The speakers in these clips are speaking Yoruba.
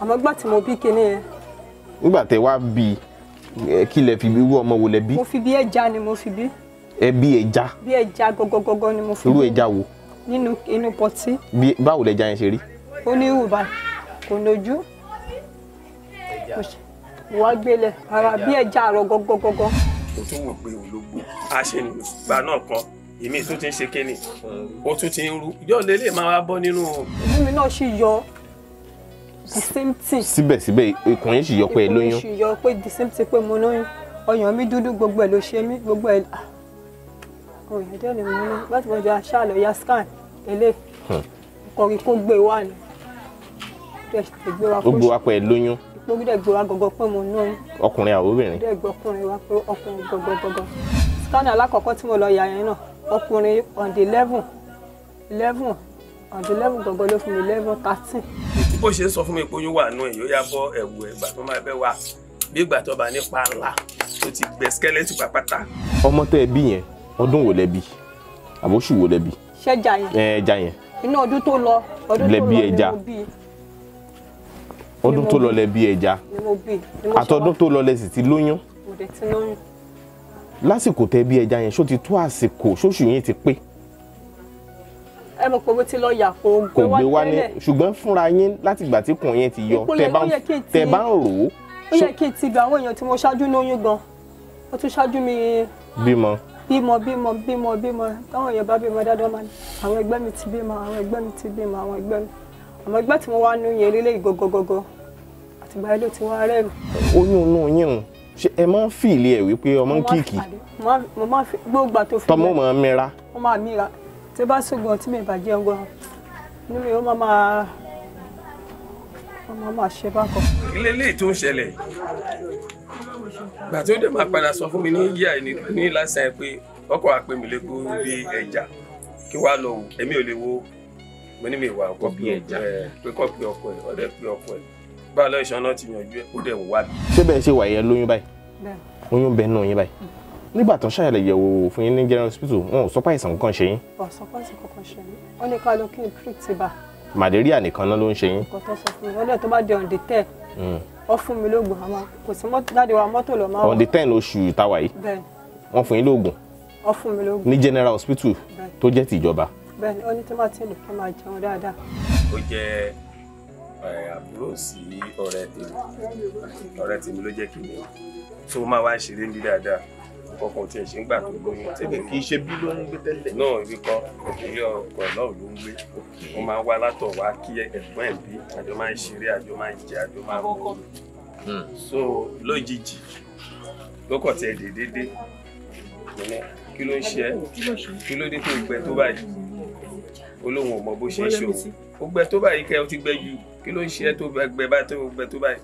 àmọ́ gbà tí mo bí kinní yẹn. nígbà tẹ wá bi? kí lẹ fi wú ọmọ wo lẹ bí. mo fi bí ẹja ni mo fi bí. ẹ bí ẹja. bí ẹja gọgọgọgọ ni mo fi bí. irú ẹja wo. nínú inú pọtí. bí báwo lẹja yẹn ṣe rí. ó ní ìwùbá kò lójú wá gbélé ara bí ẹja àrọ gọgọgọgọ. ó tún wò pé ológbò. a ṣe gbà náà kan èmi tún ti ń ṣe kínní ó tún ti ń rú yóò lè lè máa wá nínú. inú mi náà ṣì yọ the same thing. síbẹ̀síbẹ̀ ikùn yín sì yọ pé ẹ lóyún. ikùn yín sì yọ pé the same thing pé mo lóyún ọyàn mi dúdú gbogbo ẹ ló ṣe mí gbogbo ẹ ah. ọyàn jẹ́ ni mo ní láti wọ́n jẹ́ aṣáàlọ ya scan tẹ́lẹ̀ ọkọ̀rin hmm. kó gbé wá ni ó gbé wá pé ẹ lóyún. ìpòkí dẹ̀ gbé wá gọ́gọ́ pé mo lóyún. ọkùnrin àwọn obìnrin. dẹ̀ gbé ọkùnrin wá pé ọkùnrin gọ́gọ́gọ́gọ́ scan alákọ̀ọ́kọ́ tí mo lọ yà yẹn náà ọkùnrin on the eleven eleven àbí eleven gangan ló fún mi eleven thirteen. bó ṣe ń sọ fún mi pé oyún wà nù ẹ̀yọ́ yá bọ́ ẹ̀wù ẹ̀gbà tó máa bẹ́ wà bí ìgbà tó bá nípa ńlá tó ti gbẹ skẹ́lẹ́tì pàpàtà. ọmọ tẹ ẹ bí yẹn ọdún wo lẹbi àbóṣù wo lẹbi. ṣẹja yẹn ẹja yẹn. inú ọdún tó lọ ọdún tó lọ ni mo bí ọdún tó lọ lẹbi ẹja àtọdún tó lọ lẹsì ti lóyún. mo dẹ̀ ti lóyún. lásìkò tẹ bí ẹja yẹn ṣó ti tó àsìkò ṣóṣù yẹn ti pé ẹ mọ̀ pé owó tí lọ́ọ̀yà kò gbé wá tẹ́lẹ̀ ṣùgbọ́n fúnra yín láti ìgbà tí kùn yẹn ti yọ tẹ bá ń rò ó. ó yẹ kí n ti gba àwọn èèyàn tí mo ṣáájú lóyún gan ó tún ṣáájú mi. bímọ bímọ bímọ bímọ bímọ táwọn èèyàn bá bímọ dáadáa máa ní àwọn ẹgbẹ́ mi ti bímọ àwọn ẹgbẹ́ mi ti bímọ àwọn ẹgbẹ́ mi àwọn ẹgbẹ́ tí mo wá nú yẹn lélẹ́ ìgọgọgọgọ àtìgbà yẹn ló ti wá rẹ́rù. oyún inú yín o ṣe ẹ máa ń fi ìlé ẹ wípé ọmọ ń kíkì. mo máa fi gbogbo àtòfin. tọmọ máa ń mira. ọmọ mi tí bá ṣùgbọ́n tí mi ìbàjẹ́ ọgbọ́n inú mi ó máa máa ọmọ máa ṣe bákan. ilé ilé tó ń ṣẹlẹ̀ gbà tó dé máa padà sọ fún mi ní yíyá ẹni ní lásán ẹ pé ọkọ̀ àpèmílégbó bí ẹja kí wàá lọ wò èmi ò lè wo mo ní mi wà ọkọ̀ bí ẹja pé kọ́ pé ọkọ̀ ẹ̀ ọ̀dẹ̀ pé ọkọ̀ ẹ̀ báà lọ ìṣáná ti yànjú ẹ̀ ó dẹ̀ wò wá. ṣé bẹ́ẹ̀ ṣe wà yẹn lóyún báyìí oyún bẹ́ẹ̀ náà yín báyìí. Mm nígbà tó ṣàyẹ̀wò fún yín ní general hospital wọn ò sọ pé àìsàn kankan ṣe yín. wọn ò sọ pé àìsàn kankan ṣe yín wọn ní ká lọ kí ni prick ti bà. màdíríà nìkan náà ló ń ṣe yín. kò tó sọ fún mi wọn lè tó bá jẹ òǹdè tẹ wọn fún mi lóògùn àmọ́ kò sí jáde wa mọ́tò lọ máa wà. òǹdè tẹ́ lóṣù táwa yìí wọ́n fún yín lóògùn. wọ́n fún mi lóògùn. ní general hospital tó jẹ́ ti ìjọba. bẹ́ẹ̀ni ó ní tó bá ti lò kí máa jẹun dáadáa. ó jẹ eh, àbúrò sí ọ̀rẹ́ tèmi ọ̀rẹ́ tèmi ló kọkàn ò tiẹ̀ ṣe ń gbà tó lóyún tẹ́lẹ̀ kì í ṣe bí ló ń gbé tẹ́lẹ̀. náà ibi kan òkèlè ọkọ náà ló ń gbé wọn máa ń wá látọ̀ wá kí ẹ̀gbọ́n ẹ̀ bí àjọ máa ń ṣeré àjọ máa ń jẹ àjọ máa ń mú hmm. so lójijì lókọ̀ tiẹ̀ dédédé kí ló ń ṣe ẹ́ kí ló dé tó gbẹ tó báyìí olóhùn ò mọ bó ṣe ń ṣe o ó gbẹ tó báyìí kẹ́ ọ ti gbẹ ju kí ló ń ṣe ẹ́ tó tó gbẹ tó báyìí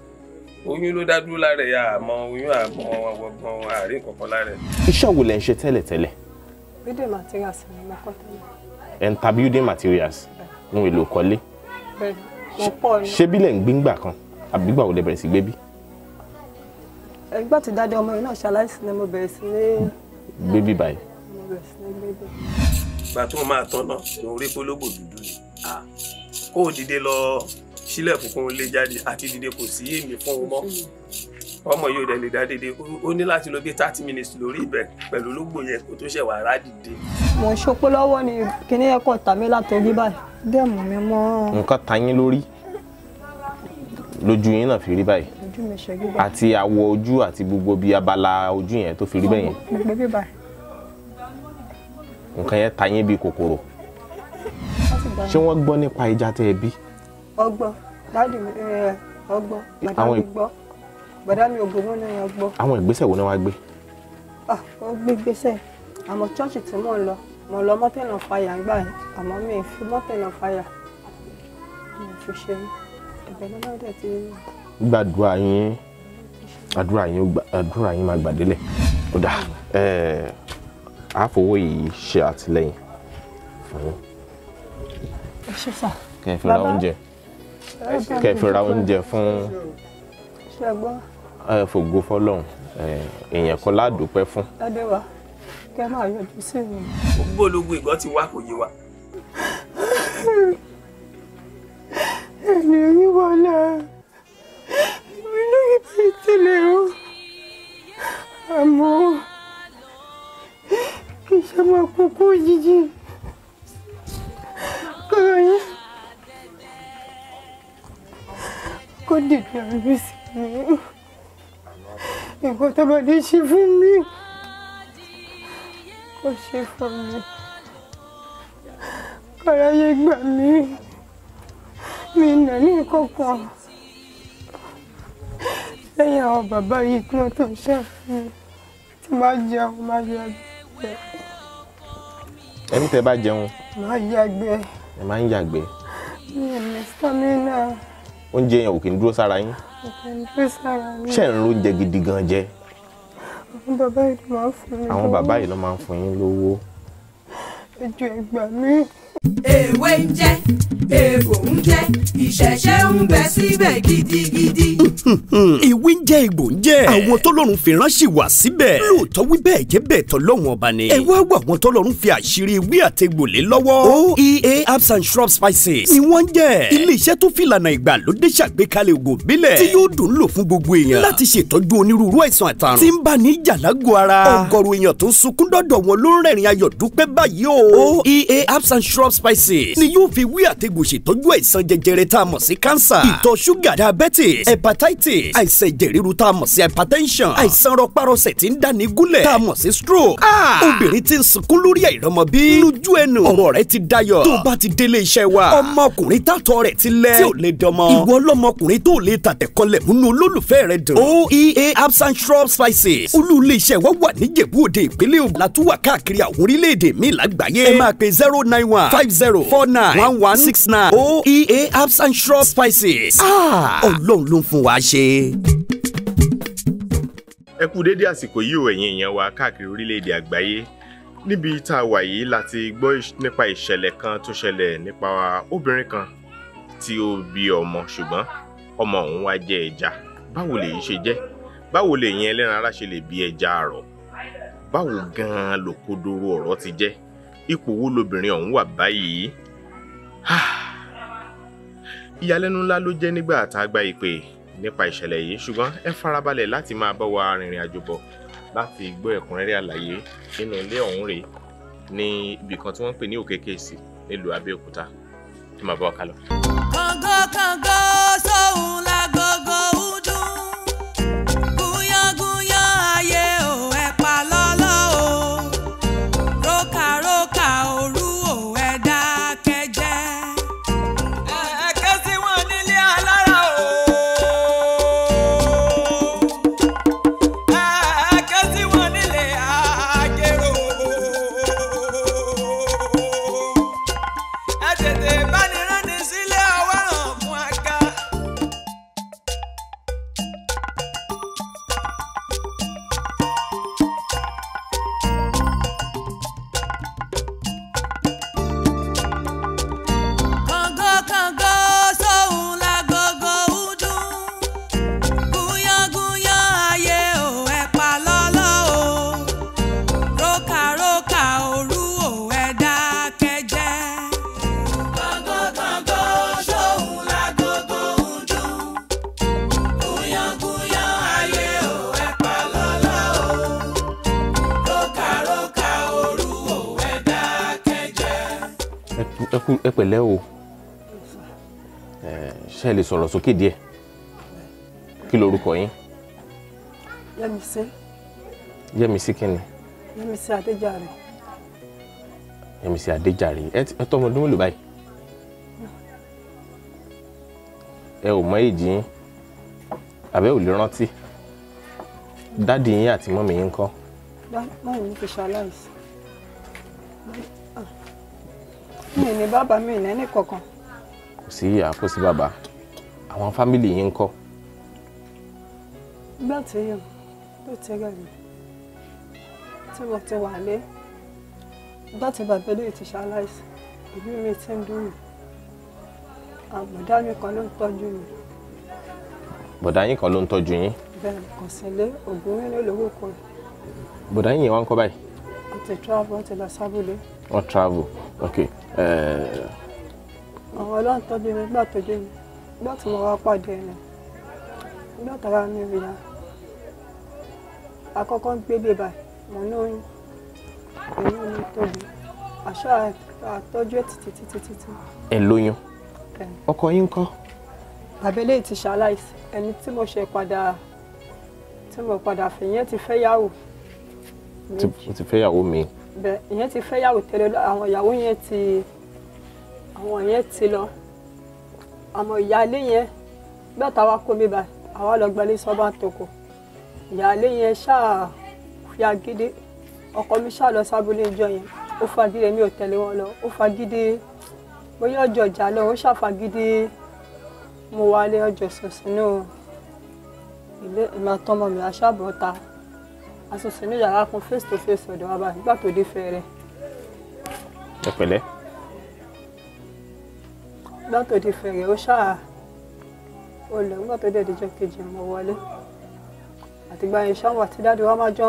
oyún ló dá dúró lára ẹ̀ àmọ́ oyún àmọ́ ọgbọ̀n àárín kankan lára ẹ̀. iṣẹ́ wo lẹ̀ ń ṣe tẹ́lẹ̀tẹ́lẹ̀. building materials ni mo kọ́ tẹ́lẹ̀. ẹ̀ ń ta building materials ohun èlò kọ́lé. bẹ́ẹ̀ni mo pọ̀ ni. ṣé bílẹ̀ ń gbé ńgbà kan àbí gbà wo lẹ bẹ̀rẹ̀ sí gbé bí. ẹgbẹ́ ti dáadé ọmọ yìí náà ṣaláìsí ni mo bẹ̀rẹ̀ sí ní. bébí báyìí. mo bẹ̀rẹ̀ sí ní bébí. ìgbà tó máa tán náà mo rí polówó dúdú ni kó o dìde lọ sílẹ̀ kúkún lé jáde àti dìde kò sí èmi fún un mọ́ ọmọ yóò dẹ̀ lè dá dédé ó ní láti lò bí thirty minutes lórí ibẹ̀ pẹ̀lú ológbò yẹn kó tó ṣẹ̀wà rá dìde. mo ń ṣopó lọ́wọ́ ni kíní ẹ̀kọ́ ta mi látọ̀gí báyìí bẹ́ẹ̀ mọ̀ mi mọ́. nǹkan ta yín lórí lójú yín náà fi rí báyìí àti àwọ̀ ojú àti gbogbo bíi abala ojú yẹn tó fi rí bẹ́ẹ̀ yẹn. nǹkan yẹn ta yín bíi kòkòrò ṣé wọ́n gbọ́ nípa ìjà tẹ́ ẹ bí? ọgbọ́n dáàdì mi ọgbọ́n bàdá mi gbọ́ bàdá mi ògbómọ náà yẹn gbọ́. àwọn ìgbésẹ̀ wo ni wàá gbé. Ah, ó gbé gbésẹ̀ àmọ́ chọ́ọ̀chì tí mò ń lọ mò ń lọ mọ́tẹ́nà fàyà gbà yẹn àmọ́ mi ì fi mọ́tẹ́nà fàyà mi ì fi ṣe ẹ̀bẹ̀ náà náà dẹ̀ ti rí mi. gbàdúrà yín àdúrà yín àdúrà yín máa gbàdélẹ̀ ó dà àfọwọ́ yìí ṣe àtìlẹ́yìn fún. ẹ ṣe sà. kẹ́ ẹ ra oúnjẹ kẹfì ra oúnjẹ fún fògo fọlọ́run èèyàn kan ládùúpẹ́ fún. adéwà kẹ máa yọjú sí mi. gbogbo ológun ìgbọ́ ti wá kò yé wa. ẹni yìí wọlé mi lórí bíi tẹ́lẹ̀ o àmọ́ kì í ṣe máa kókó jíjìn. kó dìde ọ̀rẹ́ sí mi nǹkan tó bá dé ṣe fún mi kó ṣe fún mi kọ́láyé gbà mí mi nà ní ìkọ̀kọ̀ lẹ́yìn àwọn bàbá yìí kí wọ́n tó ṣàfihàn tí máa jẹun máa yàgbẹ́. ẹni tẹ bá jẹun. máa yàgbẹ́. ẹ máa ń yàgbẹ́. mi ò ní stamina oúnjẹ yẹn ò kì í dúró sára yín. ṣé ń lóúnjẹ gidi gan jẹ. àwọn bàbá yìí ló máa ń fún yín lówó. àwọn bàbá yìí ló máa ń fún yín lówó. ẹ jọ̀ọ́ ẹ èwe ń jẹ́ èèbò ń jẹ́ ìṣẹ̀ṣẹ̀ ń bẹ síbẹ̀ gidigidi. ìwé ń jẹ́ egbò ń jẹ́. àwọn tọ́lọ́run fi ránṣì wá síbẹ̀. lóòótọ́ wí bẹ́ẹ̀ jẹ́ bẹ́ẹ̀ tọ́lọ́run ọba ni. ẹ wá wá àwọn tọ́lọ́run fi àṣírí ìwé àtẹ̀gbòlé lọ́wọ́. oea herbs and shrub spices ni wọ́n ń jẹ́. iléeṣẹ́ tó fi ìlànà ìgbàlódé ṣàgbékalẹ̀ ògùn bílẹ̀. tí yóò dùn lò fún gbogbo èèyàn. láti ṣètọ́jú onírúurú àìsàn àtàrùn. tí ń bá ní jàlágò ara. ọ̀gọ̀rọ̀ top spices ni yóò fi wí àtẹ̀gùn ṣètọ́jú àìsàn jẹjẹrẹ tá a mọ̀ sí cancer ìtọ̀ ṣúgà diabetes hepatitis àìsàn ẹ̀jẹ̀ ríru tá a mọ̀ sí hypertension àìsàn rọpárọsẹ̀ tí ń dáni gúnlẹ̀ tá a mọ̀ sí stroke ah! obìnrin tí ń sunkún lórí àìrọ́mọ bí lójú ẹnu ọ̀rọ̀ rẹ̀ ti dayọ̀ tó bá ti délé iṣẹ́ wa ọmọkùnrin tàtọ̀ rẹ̀ ti lẹ̀ tí ò lè dọmọ ìwọ ọlọ́mọkùnrin tó lè tàtẹ̀kọlẹ̀ múnú olólùfẹ́ rẹ̀ dùn oea absent shrub spices olú ilé iṣẹ́ wa wà níjẹ̀bú òde ìpínlẹ̀ ògùn látúwà káàkiri àwọn orílẹ̀-èdè míì lágbàáyé ẹ máa pe zero nine one five zero four nine one one six nine oea herbs and shrub spices. Ah! ọlọ́run ló ń fún wa ṣe. ẹ kú dédé àsìkò yìí ò ẹ̀yin èèyàn wa káàkiri orílẹ̀-èdè àgbáyé níbi tá a wà yìí la ti gbọ́ nípa ìṣẹ̀lẹ̀ kan tó ṣẹlẹ̀ nípa obìnrin kan tí ó bí ọmọ ṣùgbọ́n ọmọ òun wá jẹ ẹja báwo lèyí ṣe jẹ́ báwo lèyìn ẹlẹ́ran ara ṣe lè bí ẹja àrọ̀ báwo gan-an lòkodoro ọ̀rọ̀ ti jẹ́ ipò wo lobìnrin ọ̀hún wà báyìí ìyàlẹ́nu ńlá ló jẹ́ nígbà tá a gba ìpè nípa ìṣẹ̀lẹ̀ yìí ṣùgbọ́n ẹ farabalẹ̀ láti máa bá wa rìnrìn àjò bọ̀ láti gbọ́ ẹ̀kúnrẹ́rẹ́ àlàyé nínú ilé ọ̀hún rèé ní ibì kan tí wọ́n ń pè ní òkè kéèsì nílùú Abẹ́òkúta ẹ máa bá wa kálọ. kàngó kàngó sóhun lá. ṣe lè sọ̀rọ̀ sókè díẹ̀ kí lorúkọ yín. Yẹ́misí. Yẹ́misí kí ni. Yẹ́misí Adéjàre. Yẹ́misí Adéjàre ẹ tọ́ ọmọ ọdún mélòó báyìí. ẹ ò mọ èjì yín àbẹ́ ò lè rántí dáàdì yín àti mọ́mì yín ńkọ́. báwo ni kò ṣaláìsí ah. mi ní bàbá mi ní ẹnì kankan sí àkó sí bàbá àwọn fámìlì yín ń kọ́. nígbà tí yàn ló tẹ́lẹ̀ mi tí mo ti wà lé nígbà tí bàbá olóyè ti ṣaláìsí ìlú mi ti ń dùn mí àbùdá mi kan ló ń tọ́jú mi. bọ̀dá yín kan ló ń tọ́jú yín. bẹ́ẹ̀ kò sí lé oògùn mi ló lówó kan. bọ̀dá yín yẹn wá ń kọ́ báyìí. wọ́n ti travel wọ́n ti lọ sábúlé. wọ́n travel ok. Uh ọ̀rọ̀ ọlọ́run tọ́jú mi nígbà tó dé mi nígbà tí mo wá pàdé rẹ̀ nígbà tára mi rí ya àkọ́kọ́ ń gbé bèbà mò ń lóyún èyí mi tóbi àṣà àtọ́jú ẹ̀ títí títí títí. ẹ lóyún ọkọ yín ńkọ́. àbẹ̀lẹ̀ ti ṣaláìsí ẹni tí mo ṣe padà tí mo padà fẹ́ yẹn ti fẹ́ yàwó. ti fẹ́ yàwó mi. bẹ́ẹ̀ ìyẹn ti fẹ́ yàwó tẹ́lẹ̀ àwọn ìyàwó yẹn ti àwọn yẹn ti lọ àmọ́ ìyáálé yẹn gbàtà wa kó mi báyìí àwa lọ gbalẹ sọba tòkò ìyáálé yẹn ṣáà fi agídé ọkọ mi ṣáà lọ sábúlé ìjọ yẹn ó fagídé mi ò tẹ̀lé wọn lọ ó fagídé bóyá ọjọ́ ìjà lọ ó ṣàfagídé mo wálé ọjọ́ sọ̀sìnú ilé ìmọ̀ mi aṣáàbọ̀ta asọ̀sìnú yàrá kan face to face ọ̀dọ̀ wa báyìí nígbà tó dé fẹ́ rẹ̀. ẹ pẹ̀lẹ́ gbàtò di fẹ̀rẹ̀ ó ṣáà ó lọ nígbà tó dẹ̀ díjọ́ kejì ọmọ wọlé àtìgbà yẹn ṣáwọn àti dáàdi wa máa jọ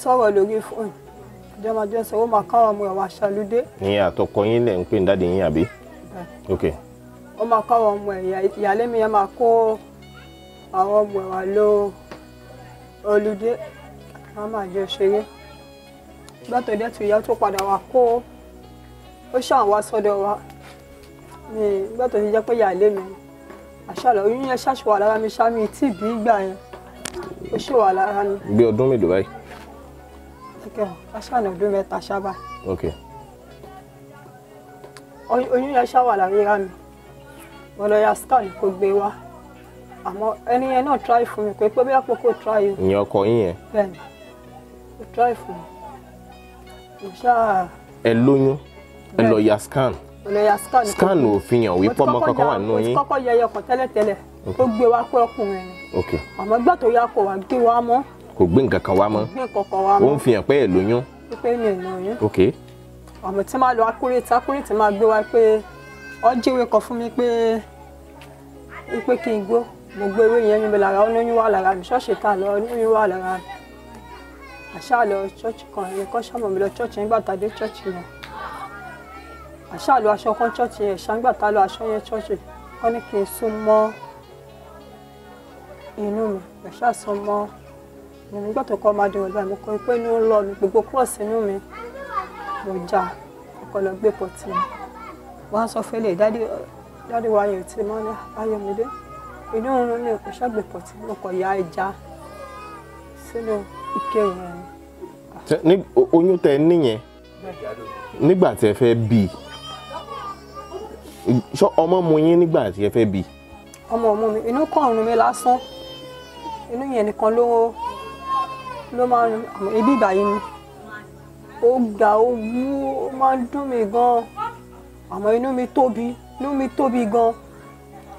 sọ̀rọ̀ lórí fóònù àjọ máa jọ sọ̀rọ̀ máa káwọn ọmọ ẹ̀wà ṣàlùdé. ìyẹn àtọkọ yín lẹ ń pè ní dáàdi yín àbí. ok. ó máa káwọn ọmọ ẹ̀ ìyálé mi yẹn máa kó àwọn ọmọ ẹ̀wà lọ olùdé wọn máa jọ ṣeré gbàtò dẹ̀ tù tó padà wá kó ó ṣàn wá sọ́dọ̀ wa nígbà tó ti jẹ́ pé ìyáálé mi àṣàlọ oyún yẹn ṣàṣù wà lára mi ṣámi tí ìbí ìgbà yẹn ó ṣì wà lára mi. bí ọdún mélòó báyìí. ẹkẹ aṣáàlọ ọdún mẹ́ta ṣábà. oyún yẹn ṣá wà lára mi mo lọ ya scan kó gbé wá àmọ́ ẹni yẹn náà try fún mi pé pé bí àpòkò try o. ìyẹn ọkọ yín yẹn. bẹ́ẹ̀ni ó try fún mi. ẹ lóyún ẹ lọ ya scan scan ò fi hàn wípé ọmọ kankan wà nínú yín. mo ti kọ́kọ́ yẹ ẹyọ kan tẹ́lẹ̀tẹ́lẹ̀ ó gbé wá pé ọkùnrin ni àmọ́ gbà tó yá kò wá gbé wá mọ́. kò gbé nǹkan kan wá mọ́ ó ń fi hàn pé ẹ lóyún. pé mi ò lóyún. ok. ọmọ tí máa lọ akúrètí akúrètí máa gbé wá pé ọ jíwèé kan fún mi pé pé kí n gbó mo gbé ewé yẹn níbi lára olóyún wà lára mi ṣọ́ọ̀ṣì ta lọ olóyún wà lára mi àṣà lọ ṣọ́ọ̀ṣì kan ẹ̀yìn kan mi lọ ṣọ́ọ̀ṣì nígbà tàbí ṣọ́ọ̀ṣì yẹn àṣà lo aṣọ kan ṣọ́ọ̀ṣì yẹn ṣàǹgbà tá lo aṣọ yẹn ṣọ́ọ̀ṣì wọ́n ní kí n sún mọ́ inú mi àṣà sún mọ́ inú mi gbọ́dọ̀ kọ́ máa dìrò báyìí mo kọ́ pé inú ń lọ mi gbogbo kúrọ̀sì inú mi mo já ọkọ lọ gbé pọ̀ tì mí wọ́n á sọ fún ilé ìdádì dáàdì wa yẹn ti mọ́ ní ayọ̀mídé inú òun ní òṣìṣẹ́ gbé pọ̀ tì mí mo kọ̀ ya ẹja sínú ike yẹn. oyún tẹ níyẹn nígbà tí ẹ fẹ́ bíi ṣọ ọmọ mu yín nígbà tí ẹ fẹ́ bí. ọmọ ọmọ mi inú kan rún mi lásán inú yẹn nìkan ló ló máa ń rún àmọ́ ibi ìgbà yìí ni ó ga ó wú ó máa ń dùn mí gan àmọ́ inú mi tóbi inú mi tóbi gan.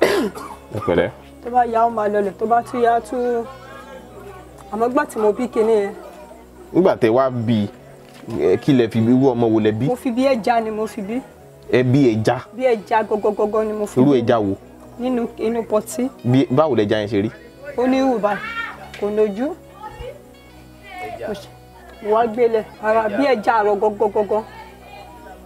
ẹ pẹ̀lẹ́. tó bá yá ó máa lọlẹ̀ tó bá tún yá tún àmọ́ gbà tí mo bí kinní yẹn. nígbà tẹ wá bí kí lẹ fi bí irú ọmọ wo lẹ bí. mo fi bí ẹja ni mo fi bí ẹ eh, bí ẹja. bí ẹja gọgọgọgọ ni mo fi. irú ẹja wo. nínú inú pọtí. bí báwo lẹja yẹn ṣe rí. ó ní ìwùbá kò lójú wá gbélé ara bí ẹja àrọ gọgọgọgọ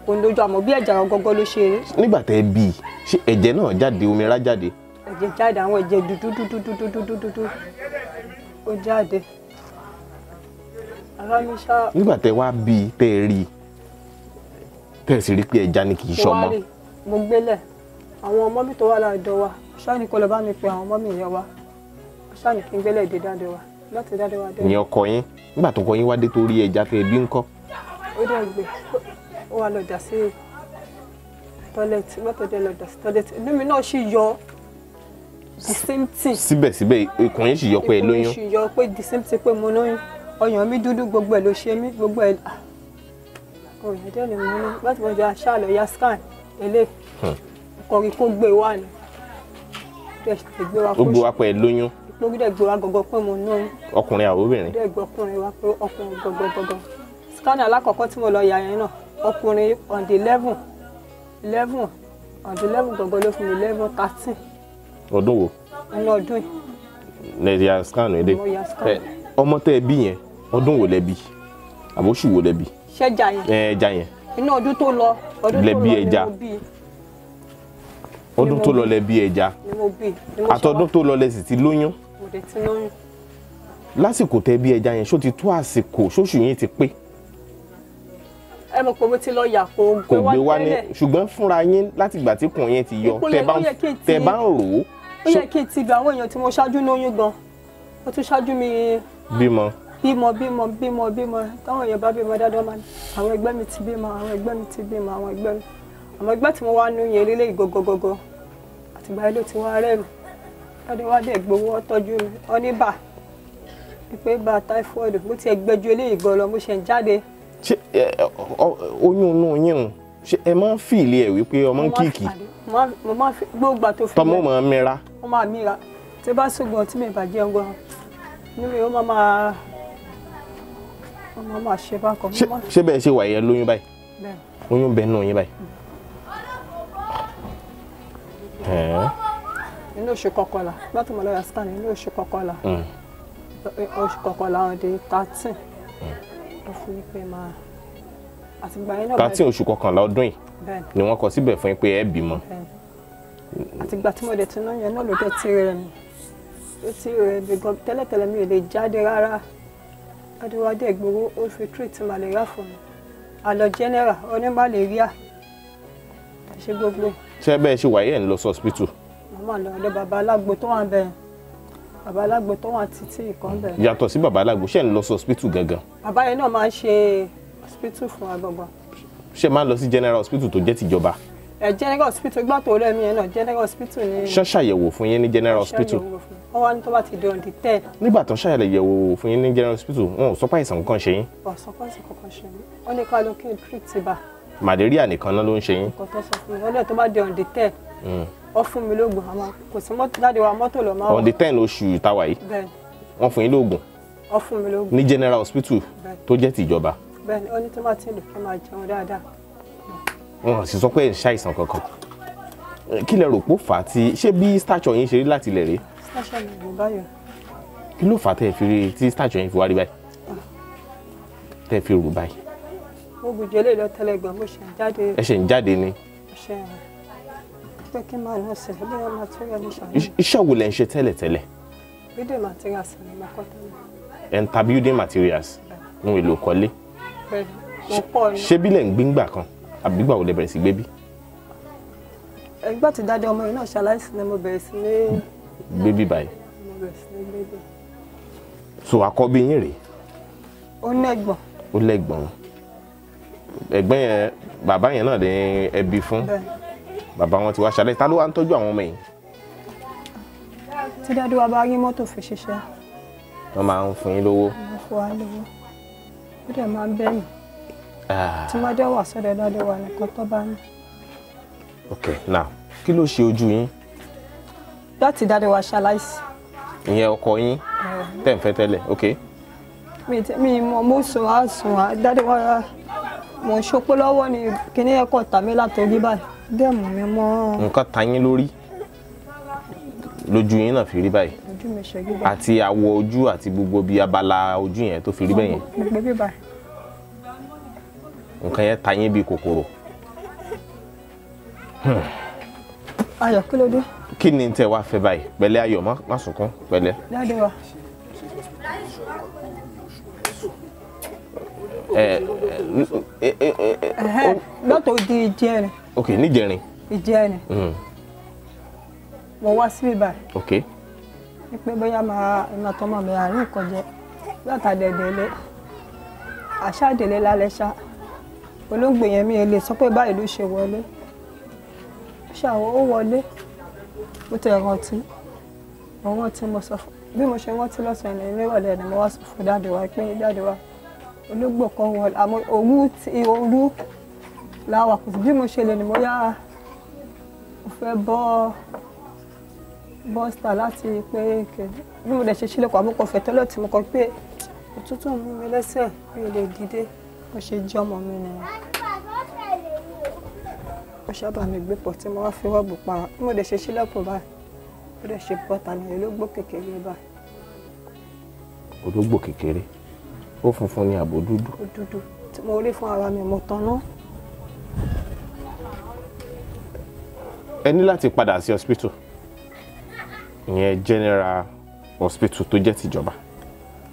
kò lójú àmọ́ bí ẹja àrọ gọgọ ló ṣe rí. nígbà tẹ bí i ṣé ẹ̀jẹ̀ náà jáde omi rá jáde. ẹ̀jẹ̀ jáde àwọn ẹ̀jẹ̀ dúdú dúdú dúdú dúdú dúdú ó jáde. ara mi ṣá. nígbà tẹ wá bí tẹ rí i tẹ̀sí rí pé ẹja ni kì í ṣọmọ. mo gbélẹ̀ àwọn ọmọ mi tó wà láàdọ̀ wa ṣáàní kó lọ bá mi pe àwọn ọmọ mi yẹn wa ṣáàní kí n gbélẹ̀ èdè dáadé wa láti dáadé wa dé. ìyẹn ọkọ yín nígbà tó kọ yín wá dé torí ẹja tẹ ẹbí ńkọ́. ó dẹ̀ gbé ó wà lọ sí tọ́lẹ̀tì mọ́tò dẹ̀ lọ sí tọ́lẹ̀tì inú mi náà sì yọ the same thing. síbẹ̀síbẹ̀ ikùn yín sì yọ pé ẹ lóyún. ikùn yín sì yọ pé the same thing pé mo lóyún ọyàn mi dúdú gbogbo ẹ̀ ló ṣe mí gbogbo ẹ̀ ah, ọ̀yà jẹ́ hmm. ni mo ní láti wọ́n jẹ́ aṣáàlọ̀ ya scan ilé ọkọ̀rin kó gbé wa ni ó gbé wa pẹ̀ lóyún lórí dẹ̀ gbé wa gọ́gọ́ pé mo lóyún ọkùnrin àwọn obìnrin dẹ̀ gbé ọkùnrin wa pé ọkùnrin gọ́gọ́gọ́gọ́ scan alákọ̀ọ́kọ́ tí mo lọ yà yẹn náà ọkùnrin on the eleven eleven on the eleven gọ́gọ́ ló fún mi eleven thirteen. ọdún wo. inú ọdún yìí. lẹ́yìn ya scan yẹn dé ọmọ tẹ́ ẹ bí yẹn ọdún wo lẹ bí àbóṣù wo lẹ bí ṣé ẹja yẹn. ẹ ẹja yẹn. inú ọdún tó lọ ọdún tó lọ ni mo bí ọdún tó lọ lẹ bí ẹja àtọdún tó lọ lẹ sì ti lóyún lásìkò tẹ bí ẹja yẹn ṣó ti tó àsìkò ṣóṣù yẹn ti pé. ẹ mọ̀ pé owó ti lọ yà kó gbé wá tẹ́lẹ̀ ṣùgbọ́n fúnra yín láti ìgbà tí kùn yẹn ti yọ tẹ bá ń rò ó. ó yẹ kí n ti lu àwọn èèyàn tí mo ṣáájú lóyún gan ó tún ṣáájú mi. bímọ bímọ bímọ bímọ bímọ táwọn èèyàn bá bímọ dáadáa máa ní àwọn ẹgbẹ́ mi ti bímọ àwọn ẹgbẹ́ mi ti bímọ àwọn ẹgbẹ́ mi àwọn ẹgbẹ́ tí mo wá nú yẹn lílé ìgọgọgọgọ àtìgbà yẹn ló ti wá rẹ́rù lọ́dẹ wá dẹ̀ gbowó ọ́tọ́jú mi ọ́níbà pípé bá táífọ́ọ̀dù mo ti ẹ̀ gbẹ́jú eléyìí gan lọ mo ṣẹ̀ ń jáde. ṣé oyún inú yín o ṣé ẹ máa ń fi ilé ẹ wípé ọmọ ń kíkì. mo máa fi gbogbo àtò fún mi. tọmọ máa ń mira. mo máa mira tí bá sùn gan tí mi ọmọ máa ṣe bákan. ṣé bẹ́ẹ̀ ṣe wà yẹn lóyún báyìí oyún bẹ́ẹ̀ nù yín báyìí. inú oṣù kọkànlá gbọ́dọ̀ mọ̀ lọ́yà scan inú oṣù kọkànlá mm. oṣù kọkànlá on the thirteen mm. ló fún mi pé máa àtìgbà yẹn náà. thirteen oṣù kọkànlá ọdún yìí ni wọ́n kọ síbẹ̀ fún yín pé ẹ bímọ. àtìgbà tí mo dẹ̀ tún náà yẹn náà ló dẹ̀ tí rẹ̀ mi tí rẹ̀ mi gan mi ò lè jáde rárá adéwádé ìgboro ó fi treat malaria fún mi àlọ general onímàlẹ́ríà ṣe gbogbo. ṣé bẹ́ẹ̀ ṣe wáyé ẹ̀ ń lọ sí hospital. màmá lọ ọ̀dọ̀ bàbá alágbo tó wà bẹ́ẹ̀ bàbá alágbo tó wà títí ìkan bẹ́ẹ̀. yàtọ̀ sí bàbá alágbo ṣé ẹ̀ ń lọ sí hospital gangan. bàbá yẹn náà máa ń ṣe hospital fún wa gangan. ṣé máa ń lọ sí general hospital tó jẹ́ tìjọba ẹ general hospital gbà tó rẹ mi yẹn náà general hospital ni. ṣé ṣàyẹ̀wò fún yín ní general hospital. wọ́n wá ní tó bá ti di on the ten. nígbà tó ṣàyẹ̀wò fún yín ní general hospital wọn ò sọ pé àìsàn kankan ṣe yín. ọ̀ sọ pé àìsàn kankan ṣe yín wọ́n ní ká ló kí n treat ibà. malaria nìkan náà ló ń ṣe yín. kò tó sọ fún mi wọ́n lẹ́yìn tó bá di on the ten. Hmm. wọ́n fún mi lóògùn àmọ́ kò sí jáde wa mọ́tò lọ́ on the general hospital tó jẹ́ tìjọba. bẹ́ẹ̀ ni ó ní tó máa ti lò kí wọn sì sọ pé ẹ̀ ń ṣàìsàn kankan kí lẹ rò pó fà á ti ṣé bí stature yín ṣe rí láti ilẹ̀ rèé. stature mi ò báyọ̀. kí ló fà á tẹ̀ fi rí tí stature yín fi wá rí báyìí tẹ̀ fi rò báyìí. mo gbìjọ lè lọ tẹ́lẹ̀ gbọ́n mo ṣe ń jáde. ẹ ṣe ń jáde ni. ṣe ń pé kí n máa lọ sílẹ̀ bí wọ́n máa tún yẹ ní ṣàlùyẹ. iṣẹ́ wo lẹ ń ṣe tẹ́lẹ̀ tẹ́lẹ̀. building materials ni mo kọ́ tẹ́lẹ̀. ẹ̀ ń ta building materials ohun èlò kọ́lé. bẹ́ẹ̀ mo pọ̀ ni. ṣé bí lẹ̀ ń gbíngbà kan àbí gbà wo lẹ bẹ̀rẹ̀ sí gbé bí. ẹgbẹ́ àtidájọ́ ọmọ rẹ̀ náà ṣaláìsí ni mo bẹ̀rẹ̀ sí ní. gbé bí báyìí. mo bẹ̀rẹ̀ sí ní gbé bí. so àkọ́bí yín rèé. ó lẹ́gbọ̀n. ó lẹ́gbọ̀n ẹ̀gbọ́n yẹn bàbá yẹn náà ní ẹbí fún bàbá wọn ti wá ṣaláìsí ta ló wá ń tọ́jú àwọn ọmọ yìí. tí dáadé wa bá rí mọ́tò fi ṣiṣẹ́. wọ́n máa ń fún yín lówó. wọ́n fún wa lówó ó dẹ̀ máa ń bẹ́yìn. Ah. tí wọ́n jọ wà sọ́dọ̀ lọ́dọ̀ wà nìkan tó bá ní. ok now kí ló ṣe ojú yín. láti dáadé wa ṣaláìsì. ìyẹn ọkọ yín eh. tẹ̀ ń fẹ́ tẹ́lẹ̀ ok. mi mọ mo sùn wá sùn wá dáadé wa mo ń ṣopó lọ́wọ́ ni kíní ẹ̀kọ́ tàmí látọ̀gí báyìí dẹ́mu mi mọ́. nǹkan ta yín lórí lójú yín náà fi rí báyìí àti àwọ̀ ojú àti gbogbo bíi abala ojú yẹn tó fi rí bẹ́yẹn. gbogbo bíbá yìí nǹkan yẹn ta yín bíi kòkòrò. Hmm. ayọ̀ kí ló dé. kí ni tẹ wá fẹ́ báyìí pẹ̀lẹ́ ayọ̀ má sunkún pẹ̀lẹ́. dáadé wa. lọ́tọ̀ di ìjẹrin. ok níjẹrin. ìjẹrin. Hmm. mo wá síbí báyìí. ok. pé bóyá màá iná tọ́mọ mi àárín ìkọjẹ látàdẹ̀dẹ̀ lé àṣà délé lálẹ́ ṣáà olóńgbò yẹn mi ò lè sọ pé báyìí ló ṣe wọlé ṣàwọ́ ó wọlé mo tẹ̀ rántí mo rántí mo sọ fún bí mo ṣe rántí lọ́sàn-án ní ìrọ̀lẹ́ ni mo wá sọ fún dáàdì wa pé dáàdì wa olóńgbò kan wọlé àmọ́ òru ti òru làwà kò sí bí mo ṣe lè ní mo yá mo fẹ́ bọ́ bọ́stà láti pé bí mo dẹ̀ ṣe sílẹ̀kùn àmúkọ̀fẹ́ tọ́lọ̀ tí mo kọ pé òtútù mú mi lẹ́sẹ̀ mi ò lè dìde ó ṣe jẹ́ ọmọ mi nìyẹn ó ṣábà mi gbé pọ̀ tí mo wá fi wọ́ọ̀bù para bí mo dẹ̀ ṣe sílẹ̀kùn báyìí ó dẹ̀ ṣe bọ́ta nìyẹn ológbò kékeré báyìí. ológbò kékeré ó funfun ni àbò dúdú. ó dúdú tí mo rí fún ara mi mo tanná. ẹ ní láti padà sí hospital ìyẹn general hospital tó jẹ́ tìjọba.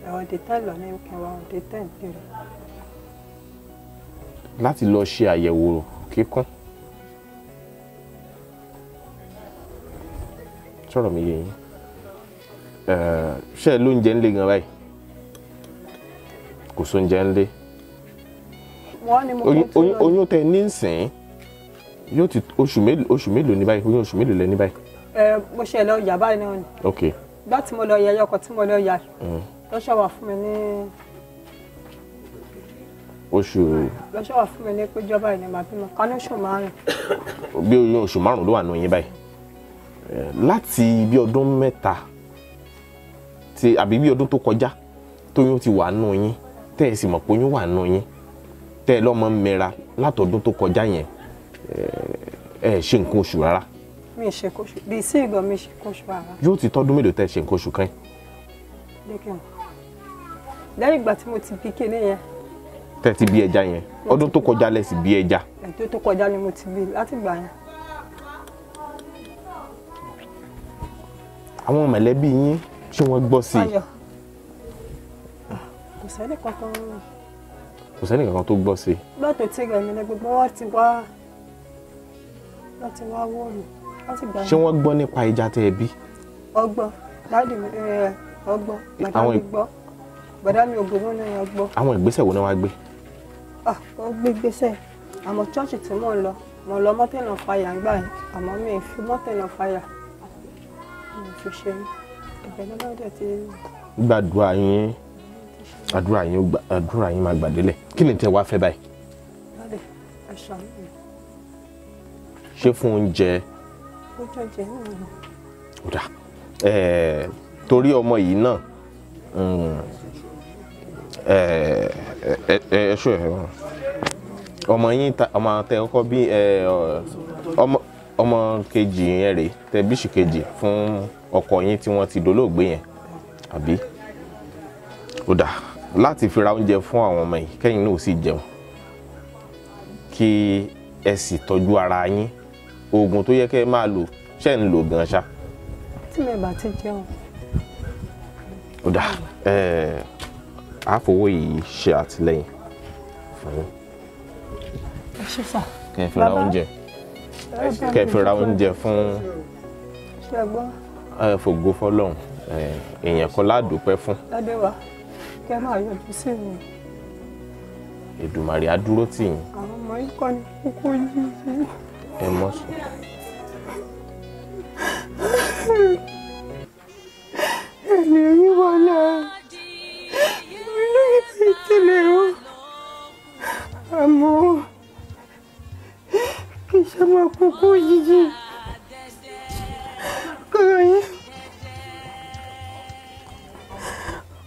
ẹ̀wọ̀n dé tẹ́lọ̀ ní kẹwàá ọ̀dẹ̀ tẹ́ǹtì rẹ̀ láti lọ ṣe àyẹ̀wò kíkún sọ̀rọ̀ mi yẹn ṣe ló ń jẹ ń lé gan báyìí kò sóun jẹ ń lé oyún tẹ ní sìn yóò ti oṣù mélòó ní báyìí oyún oṣù mélòó lẹ ní báyìí. mo ṣe lọ yà báyìí náà ni. ok. gbá tí mo lọ yẹ ẹyọ kan tí mo lọ yà mm. lọ ṣàwà fún mi ní oṣù. lọ́sọ̀ wà fún mi ní pé ìjọba ìní màá bímọ kan ní oṣù márùn. bí oyún oṣù márùn ló wà nù yín báyìí láti bí ọdún mẹ́ta ti àbí bí ọdún tó kọjá tóyún ti wà nù yín tẹ́ ẹ̀ sì mọ̀ pé oyún wà nù yín tẹ́ ẹ lọ́mọ mẹ́ra látọdún tó kọjá yẹn ẹ ẹ ṣe nǹkan oṣù rárá. mi ṣe kóṣù bí sí ìgbọ̀n mi ṣe kóṣù rárá. yóò ti tọ́dún mélòó tẹ́ ẹ ṣe nǹkan oṣù kan. lẹ́yìn ìgbà tí mo ti bí kéde yẹn tẹ́ ti bí ẹja yẹn ọdún tó kọjá lẹ sì bí ẹja. ọdún tó kọjá ni mo ti bí láti gbà yẹn. àwọn mọ̀lẹ́bí yín ṣé wọ́n gbọ́ sí i. kò sẹ́ni kankan kò sẹ́ni kankan tó gbọ́ sí i. lọ́tọ̀ tí ìgbà mi ni gbogbo wọn ti wá láti wá wọ́ mi láti gbà yẹn. ṣé wọ́n gbọ́ nípa ẹja tẹ́ ẹ bí. ọgbọ́n láti ọgbọ́n làkàbí gbọ́ bàdá mi ògbóná náà yẹn gbọ́. àwọn ìgbésẹ̀ wo ni wọ́n á gbé. wọ́n ah, gbé gbésẹ̀ àmọ́ chọ́ọ̀chì tí mò ń lọ mò ń lọ mọ́tẹ́nà fàyà ń gbà yẹn àmọ́ mi ì fi mọ́tẹ́nà fàyà mi ì fi ṣe ẹ̀bẹ̀ náà dẹ̀ ti. gbàdúrà yín àdúrà yín àdúrà yín máa gbàdélẹ̀ kí ni tẹ wá fẹ́ báyìí. ṣé fún oúnjẹ. oúnjẹ jẹ náà. torí ọmọ yìí náà mm, ẹ ṣó ẹ ọmọ yín ọmọ tẹ kọ́kọ́ bí ọmọ kejì yẹn rèé tẹ bíṣì kejì fún ọkọ yín tí wọn ti dolóògbé yẹn àbí ó dà láti fira oúnjẹ fún àwọn ọmọ yìí náà sì jẹun kí ẹ sì tọjú ara yín oògùn tó yẹ máa lò gan ṣá. tí a fowó yìí ṣe àtìlẹ́yìn fún. ẹ ṣe sà. kẹfì ra oúnjẹ kẹfì ra oúnjẹ fún fògo fọ́lọ́run èèyàn kan ládùúpẹ́ fún. ládéwà kẹ máa yọjú sí mi. Èdùmàrè á dúró tì yín. àwọn ọmọ yìí kọ́ ni kókó yìí. ẹ mọ̀ sùn. ẹni orí wọlé ṣẹlẹ̀ o àmọ́ kì í ṣe máa kókó yíyí kọ́ra yẹn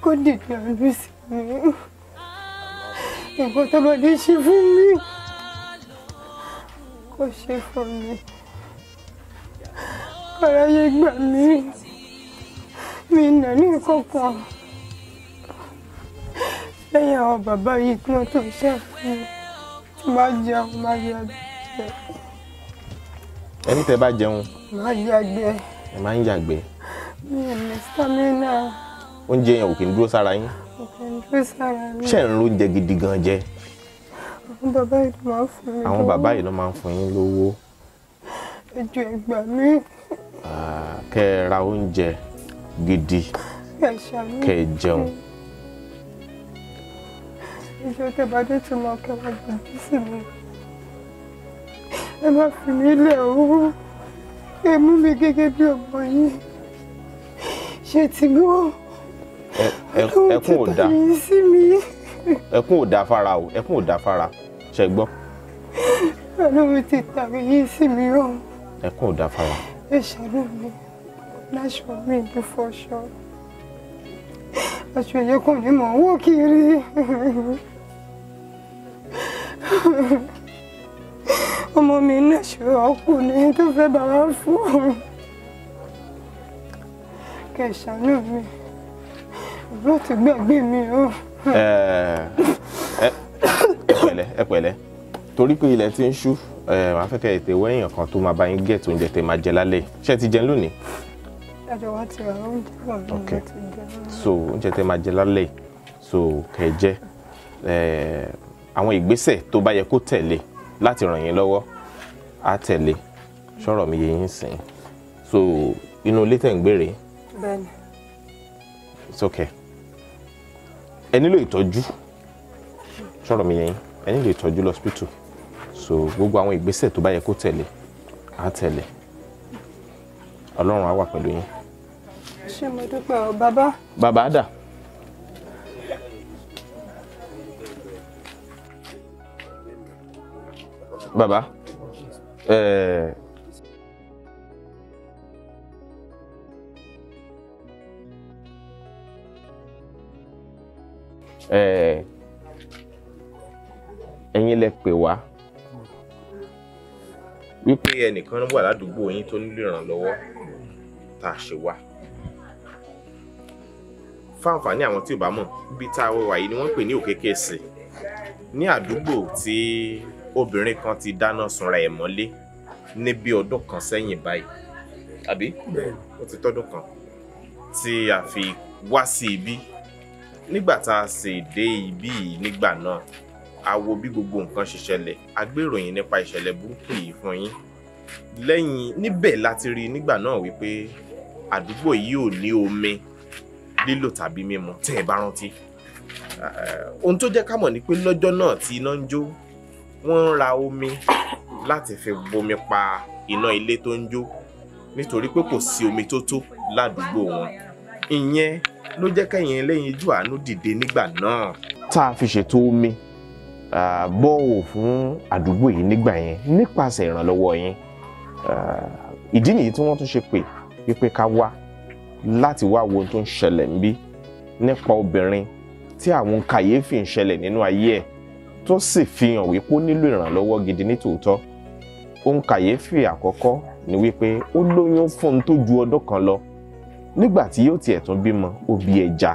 kó dìde àlù sí mi nǹkan tó bá dé ṣe fún mi kó ṣe fún mi mí mi nà ní lẹ́yìn àwọn bàbá yìí tí wọ́n tó iṣẹ́ fún mi tí máa jẹun máa jẹ àgbẹ̀. ẹni tẹ bá jẹun. máa jẹ àgbẹ̀. ẹ máa ń yàgbẹ́. mi ò ní stamina. oúnjẹ yẹn ò kì í dúró sára yín. ò kì í dúró sára mi. ṣé ń ro gidi gan jẹ. àwọn bàbá yìí ló máa ń fún mi lówó. àwọn bàbá yìí ló máa ń fún yín lówó. ẹ ẹ gbà mí. kẹ́ ra oúnjẹ gidi kẹ́ ẹ jẹun ìjọ tẹ̀bádé tí mo kẹwàá gbàgbé sí mi ẹ má fi mí lẹ̀ owó ẹ mú mi gẹ́gẹ́ bí ọmọ yín ṣe ti gbọ́ ẹkún ò dá ẹkún ò dá fara o ẹkún ò dá fara ṣe gbọ́. ọlọ́run ti tàbí yín sí mi o. ẹkún ò dá fara. ẹ ṣàánú mi láṣọ mi ní fọṣọ aṣọ yẹn kò ní mọ̀ wọ́n kiri ọmọ mi inú ẹ̀ṣọ́ ọkùnrin tó fẹ́ bàbá fún òun kẹsànán mi ìbúrò ti gbàgbé mi o. ẹ pẹ̀lẹ́ ẹ pẹ̀lẹ́ torí pé ilẹ̀ ti ń ṣú màá fẹ́ kẹ́ ètè wẹ́yìn kan tó máa bá yín gẹ̀ẹ́tì oúnjẹ tẹ̀ máa jẹ lálẹ́ ṣé ẹ ti jẹun lónìí. ẹjọ́ wa ti rà oúnjẹ wà lónìí ẹ ti jẹun. so oúnjẹ tẹ̀ máa jẹ lálẹ́ so kẹ́ jẹ àwọn ìgbésẹ̀ tó bá yẹ kó tẹ̀lé láti ràn yín lọ́wọ́ á tẹ̀lé sọ̀rọ̀ mi yẹn sìn so inú ilé tẹ̀ ń gbére. bẹ́ẹ̀ni. it's okay. ẹ nílò ìtọ́jú sọ̀rọ̀ mi yẹn ẹ nílò ìtọ́jú lọ́sípítù so gbogbo àwọn ìgbésẹ̀ tó bá yẹ kó tẹ̀lé á tẹ̀lé ọlọ́run á wà pẹ̀lú yín. ṣé mo dúpẹ́ o bàbá. bàbá dà. bàbá eh ẹ̀yin lẹ pè wá wípé ẹnìkan wà ládùúgbò yín tó nílò ìrànlọ́wọ́ tá a ṣe wá fáǹfààní àwọn tí ò bá mọ̀ ibi tá a wà yìí ni wọ́n ń pè ní òkè kéèsì ní àdúgbò Tí obìnrin kan ti dáná sunra ẹ̀ mọ́lé ní bí ọdún kan sẹ́yìn báyìí àbí ó ti tọ́dún kan tí a fi wá sí ibi nígbà tá a sì dé ibi yìí nígbà náà a wo bí gbogbo nǹkan ṣe ṣẹlẹ̀ a gbé ìròyìn nípa ìṣẹ̀lẹ̀ burúkú yìí fún yín lẹ́yìn níbẹ̀ láti rí nígbà náà wípé àdúgbò yìí ò ní omi lílò tàbí mímu tẹ́ ẹ bá rántí ohun tó jẹ́ ká mọ̀ ni pé lọ́jọ́ náà tí iná ń jó wọ́n ń ra omi láti fi bomi pa iná ilé tó ń jó nítorí pé kò sí omi tó tó ládùúgbò wọn ìyẹn ló jẹ́ kẹ́yìn lẹ́yìn ijó àánú dìde nígbà náà. tá a fi ṣètò omi bọ́ọ̀wò fún àdúgbò yìí nígbà yẹn nípasẹ̀ ìrànlọ́wọ́ yẹn ìdí nìyí tí wọ́n tún ṣe pé pípé ká wá láti wá wo ohun tó ń ṣẹlẹ̀ níbí nípa obìnrin tí àwọn kàyéfì ń ṣẹlẹ̀ nínú ayé ẹ̀ tó sì fi hàn wípé ó nílò ìrànlọ́wọ́ gidi ní tòótọ́ ohun kàyéfì àkọ́kọ́ ni wípé ó lóyún fún un tó ju ọdún kan lọ nígbà tí yóò tiẹ̀ tún bímọ ó bí ẹja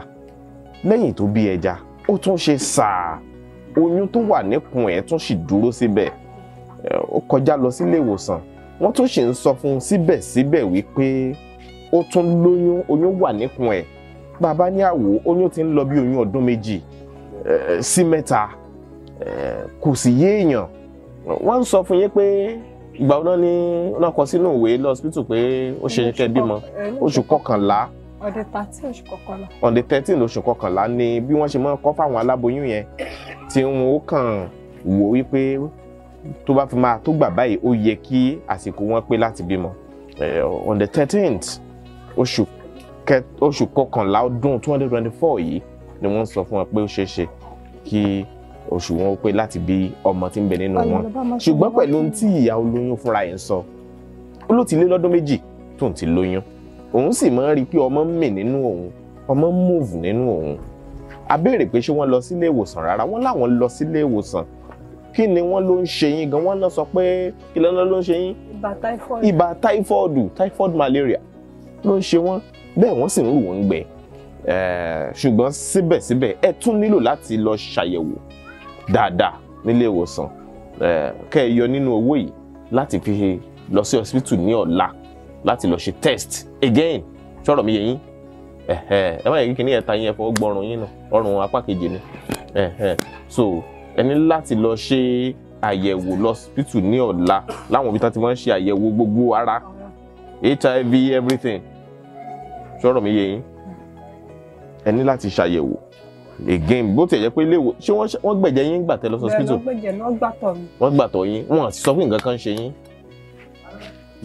lẹ́yìn tó bí ẹja ó tún ṣe sàá oyún tó wà níkùn ẹ̀ tún sì dúró síbẹ̀ ó kọjá lọ sílé ìwòsàn wọ́n tún sì ń sọ fún un síbẹ̀síbẹ̀ wípé ó tún lóyún oyún wà níkùn ẹ̀ bàbá ní àwò oyún ti ń lọ bí oyún ọdún méjì sí mẹ́ta kò sì yé èèyàn wọ́n ń sọ fún yín pé ìgbà wọn ni wọ́n kọ sínú ìwé lọ́sibítù pé ó ṣe kẹ́ bímọ oṣù kọkànlá on thirteen oṣù kọkànlá on thirteen oṣù kọkànlá ni bí wọ́n ṣe máa kọ fáwọn aláboyún yẹn tí wọn ó kàn wò wípé tó bá fi máa tó gbà báyìí ó yẹ kí àsìkò wọn pé láti bímọ eh, on thirteenth oṣù oṣù kọkànlá ọdún two twenty four yìí ni wọ́n sọ fún wọn pé ó ṣeé ṣe kí oṣù wọn ó pé láti bí ọmọ tí ń bẹ nínú wọn ṣùgbọ́n pẹ̀lú ohun tí ìyá olóyún fúnra ẹ̀ ń sọ ó ló ti lé lọ́dún méjì tóun ti lóyún òun sì máa ń rí i pé ọmọ ń mì nínú òun ọmọ ń move nínú òun a béèrè pé ṣé wọ́n lọ sílé ìwòsàn rárá wọ́n láwọn lọ sílé ìwòsàn kí ni wọ́n ló ń ṣe yín gan wọ́n náà sọ pé kí lọ́nà ló ń ṣe yín ibà táífọ́ọ̀dù táífọ́ọ̀d malaria ló ń ṣe wọ́n bẹ́ẹ̀ wọ́n sì ń rù wọ́n gbẹ ṣùgbọ́n síbẹ̀síbẹ̀ ẹ tún nílò láti lọ ṣàyẹ̀wò dáadáa nílé ìwòsàn kẹ́ ẹ yọ nínú owó yìí láti fi lọ sí hospital ní ọ̀la láti lọ ṣe test again ṣọ̀rọ̀ mi yé yín ẹ má yẹ kí kíní ẹ̀ta yín ẹ fọwọ́ gbọ́rùn yín náà ọrùn apá kejì ni so ẹ ní láti lọ ṣe àyẹ̀wò lọ́sípítù ní ọ̀la láwọn ibi tá ti máa ń ṣe àyẹ̀wò gbogbo ara hiv everything ṣọ̀rọ̀ mi yé yín ẹ ní láti ṣàyẹ̀wò again bó tiẹ̀ jẹ́ pé ilé ìwòsàn ṣé wọ́n gbẹ̀jẹ̀ yín gbà tẹ́ lọ hospital. bẹ́ẹ̀ lọ gbẹ̀jẹ̀ náà gbàtọ̀ mi. wọ́n gbàtọ̀ yín wọn àti sọ pé nǹkan kan ṣe yín.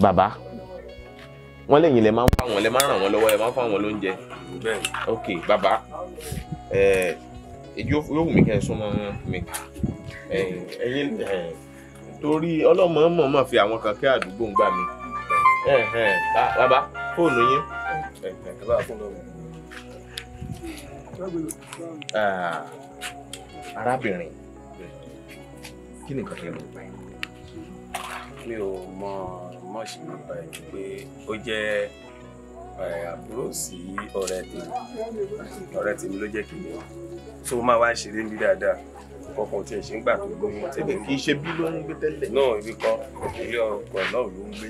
bàbá wọn lẹ́yìn lẹ máa ń fáwọn lẹ máa ń ràn wọ́n lọ́wọ́ lẹ máa ń fáwọn lóúnjẹ. bẹ́ẹ̀ ok bàbá yóò wù mí kẹ́ ẹ súnmọ́ mi ẹ̀yin torí ọlọ́mọ mọ̀ máa fi àwọn kan kẹ́ àdúgbò ń gbà mí. bàbá fóònù yín. ẹ fóònù mi. Ah, arábìnrin kí ni nǹkan tó yẹ kó pa ẹ. mi ò mọ mọ́ọ̀ṣì nípa ẹ̀ ju pé ó jẹ́ eh, àbúrò sí ọ̀rẹ́ tèmi ọ̀rẹ́ tèmi ló jẹ́ kìnìún tó máa wá ṣeré mi dáadáa kọkàn tí ẹ ṣe ń gbà tó lóyún tẹ́lẹ̀ kì í ṣe bí ló ń gbé tẹ́lẹ̀. náà ibi kan ilé ọkọ náà ló ń gbé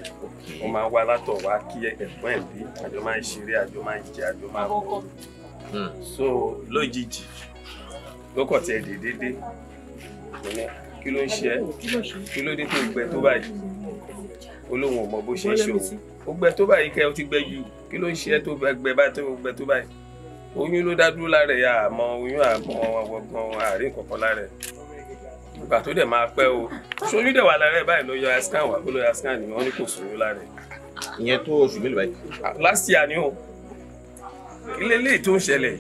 wọn máa wá látọ̀ wá kí ẹ̀gbọ́n ẹ̀ bí àjọ máa ń ṣeré àjọ máa ń jẹ àjọ máa ń bọ̀. Hmm. so lójijì ló kàn tiẹ̀ dé déédéé kí ló ń ṣe ẹ́ kí ló dé tó gbẹ tó báyìí olóhùn ọmọ bó ṣe ń ṣe òun ó gbẹ tó báyìí kẹ́ o ti gbẹ jù kí ló ń ṣe ẹ́ tó gbẹ báyìí tó gbẹ tó báyìí oyún ló dá dúró lára ẹ̀ àmọ́ oyún àmọ́ ọgbọ̀n àárín kankan lára ẹ̀ ìgbà tó dẹ̀ máa pẹ́ o ṣoyún dẹ̀ wà lára ẹ̀ báyìí ló yọ ascan wà ló yọ ascan ni wọ́n ní kò sóyún lára ẹ̀. ìyẹn tó oṣù mélòó báyìí. last year ni o ilé ilé tó ń ṣẹlẹ̀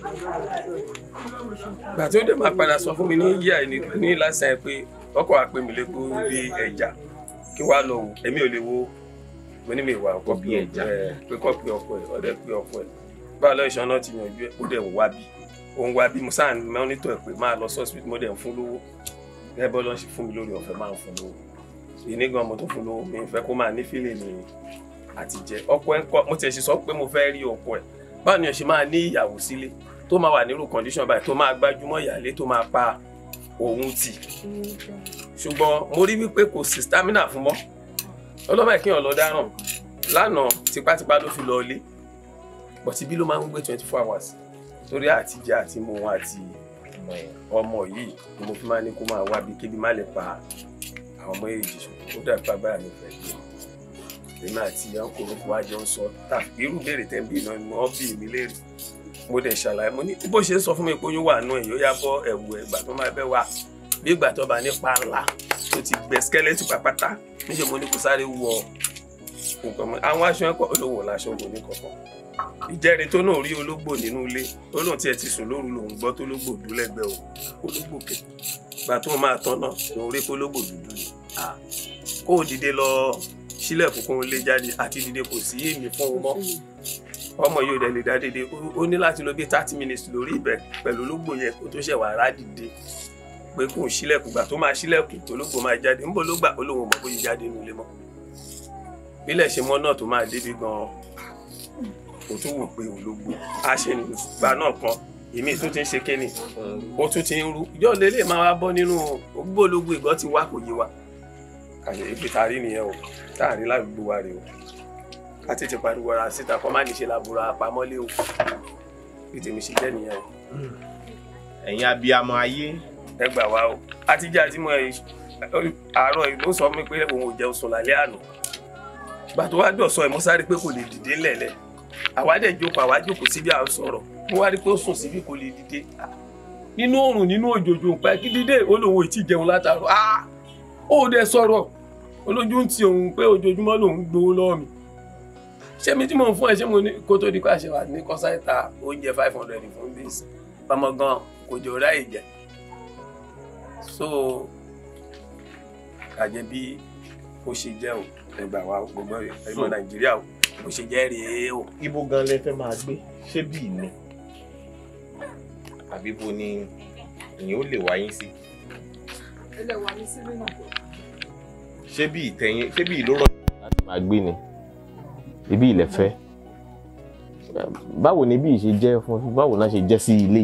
gbà tí ó dé máa padà sọ fún mi ní yíyá ní lásán ẹ pé ọkọ̀ àpè mi lè kó bí ẹja kí wàá lọ wò èmi ò lè wo mo ní mi wà ọkọ bí ẹja pé kọ́ pé ọkọ ẹ ọdẹ pé ọkọ ẹ báwo lọ ìṣàn náà ti yànjú ẹ ó dẹ̀ wò wá bí òun wá bí mo sáà ní mọ́nítọ̀ ẹ̀ pé máa lọ sọ́ọ̀sì mo dẹ̀ ń fún lówó gẹ́gẹ́ bọ́ ṣe fún mi lórí ọ̀fẹ́ máa ń fún lówó ìní gan mo tó fún lówó mi ń fẹ́ kó máa ní fílẹ̀ ní àtijẹ́ ọkọ ẹ̀ kọ́ mo tiẹ̀ ṣe sọ pé mo fẹ́ rí ọkọ ẹ̀ báwo ni o ṣe máa ní ìyàwó sílé tó máa wà nírú condition báyìí tó máa gbájúmọ́ ìyáálé tó máa pa òun tì ṣùgbọ́n mo rí wípé kò sí stamina fún mọ́ ọlọ́mọ ìkíyàn lọ dáràn lánàá tipátipá ló fi lọ ilé bọ̀tí ló máa ń gbé twenty four hours torí àtijọ́ àti mu wọn àti ọmọ yìí ni mo fi máa ní kó máa wá bí kébí má lè pa àwọn ọmọ èjì ṣùgbọ́n ó dàbí agbára mi èmi àti ìyá ọkùnrin wa jọ ń sọ tàbí irú béèrè tẹ́ ń bí iná ni wọ́n bí èmi léèrè mo dẹ̀ ṣàlàyé mo ní bó ṣe sọ fún mi pé oyún wà nù ẹ̀yọ́ yá bọ́ ẹ̀wù ẹ̀gbà tó máa bẹ́ wà bí ìgbà tó bá nípa ńlá tó ti gbẹ skẹ́lẹ́tì pàpàtà níṣẹ́ mo ní kó sáré wọ nǹkan mọ́ àwọn aṣọ ẹ̀kọ́ olówó làṣọ wò ní kọ̀ọ̀kan ìjẹ́rin tó náà rí ológbò nínú ilé tó lóun tiẹ̀ ti sùn lóru lòun gbọ́ tó lógbò dúdú lẹ́gbẹ̀ẹ́ o ológbò kẹ gbà tó máa tán náà lòun rí kó lógbò dúdú ni kó dìde lọ sílẹ̀ kókó ń lé jáde àti dìde kò sí èmi fún un mọ́ ọmọ yóò dẹ̀ lè dá dédé ó ní láti lọ bí thirty minutes lórí ibẹ̀ pẹ̀lú ológbò yẹn kó tó ṣẹ̀wá ara dìde pé kò sílẹ̀kùn gbà tó máa sílẹ̀kùn tó lógbò máa jáde ń bọ̀ ló gbà olóhùn mọ̀ bóyá jáde nù lé mọ́ bílẹ̀ ṣe mọ́ náà tó máa débi gan-an kò tó wò pé ológbò a ṣe gbà náà kan èmi tó ti ń ṣe kínní ó tún ti ń rú yóò lè lè máa wá bọ́ nínú ogbó ológbò ìgbọ́ ti wá kò yé wa kàyé ibi tá a rí nìyẹn o táàrí ládùúgbò wa rèé o a ti ti pariwo ara síta kọ́ má lè ṣe làbúrò àpamọ́lé o bí tèmi ṣe jẹ́ nìyẹn o. ẹ̀yin abiyamọ ayé. ẹ gbà wá o àti jẹ́ àtìmọ́ àárọ̀ ló sọ mi pé òun ò jẹun sùn lálẹ́ àná ìgbà tó wá dọ̀sọ ẹ̀ mọ́sáré pé kò lè dìde ńlẹ̀lẹ̀ àwa dẹ̀ jókòó àwa jókòó síbi à ń sọ̀rọ̀ mo wá rí pé ó sùn síbi kò lè dìde nínú oòrùn nínú òjòjò nǹkan kí dídé olówó ìtì jẹun ah ó dẹ̀ sọ̀rọ̀ olójú ń ti òun pé ojoojúmọ́ lòun gbowó lọ́wọ́ mi ṣé mi tí mò ń fún ẹ ṣé mo ní kó tó di pàṣẹ wà ní kọ́sáìtà oúnjẹ five hundred fún bíìsì pamọ́gán kò jọ ráì jẹ so kàjẹ bí ó ṣe jẹ́ o ẹgbà wa gbogbo ẹgbẹ́ nàìjíríà o bó ṣe jẹ́ rèé o. ibo gan lẹ fẹ́ máa gbé ṣé bí ni àbí bo ni ìyẹn ó lè wáyé sí. ẹ lè wà ní sílẹ̀ náà ṣé bí ìtẹ̀yìn ṣé bí ìlú rọ̀. láti máa gbé ni ibi ilẹ̀ fẹ́ báwo ni bí ìṣe jẹ́ fún báwo náà ṣe jẹ́ sí ilé.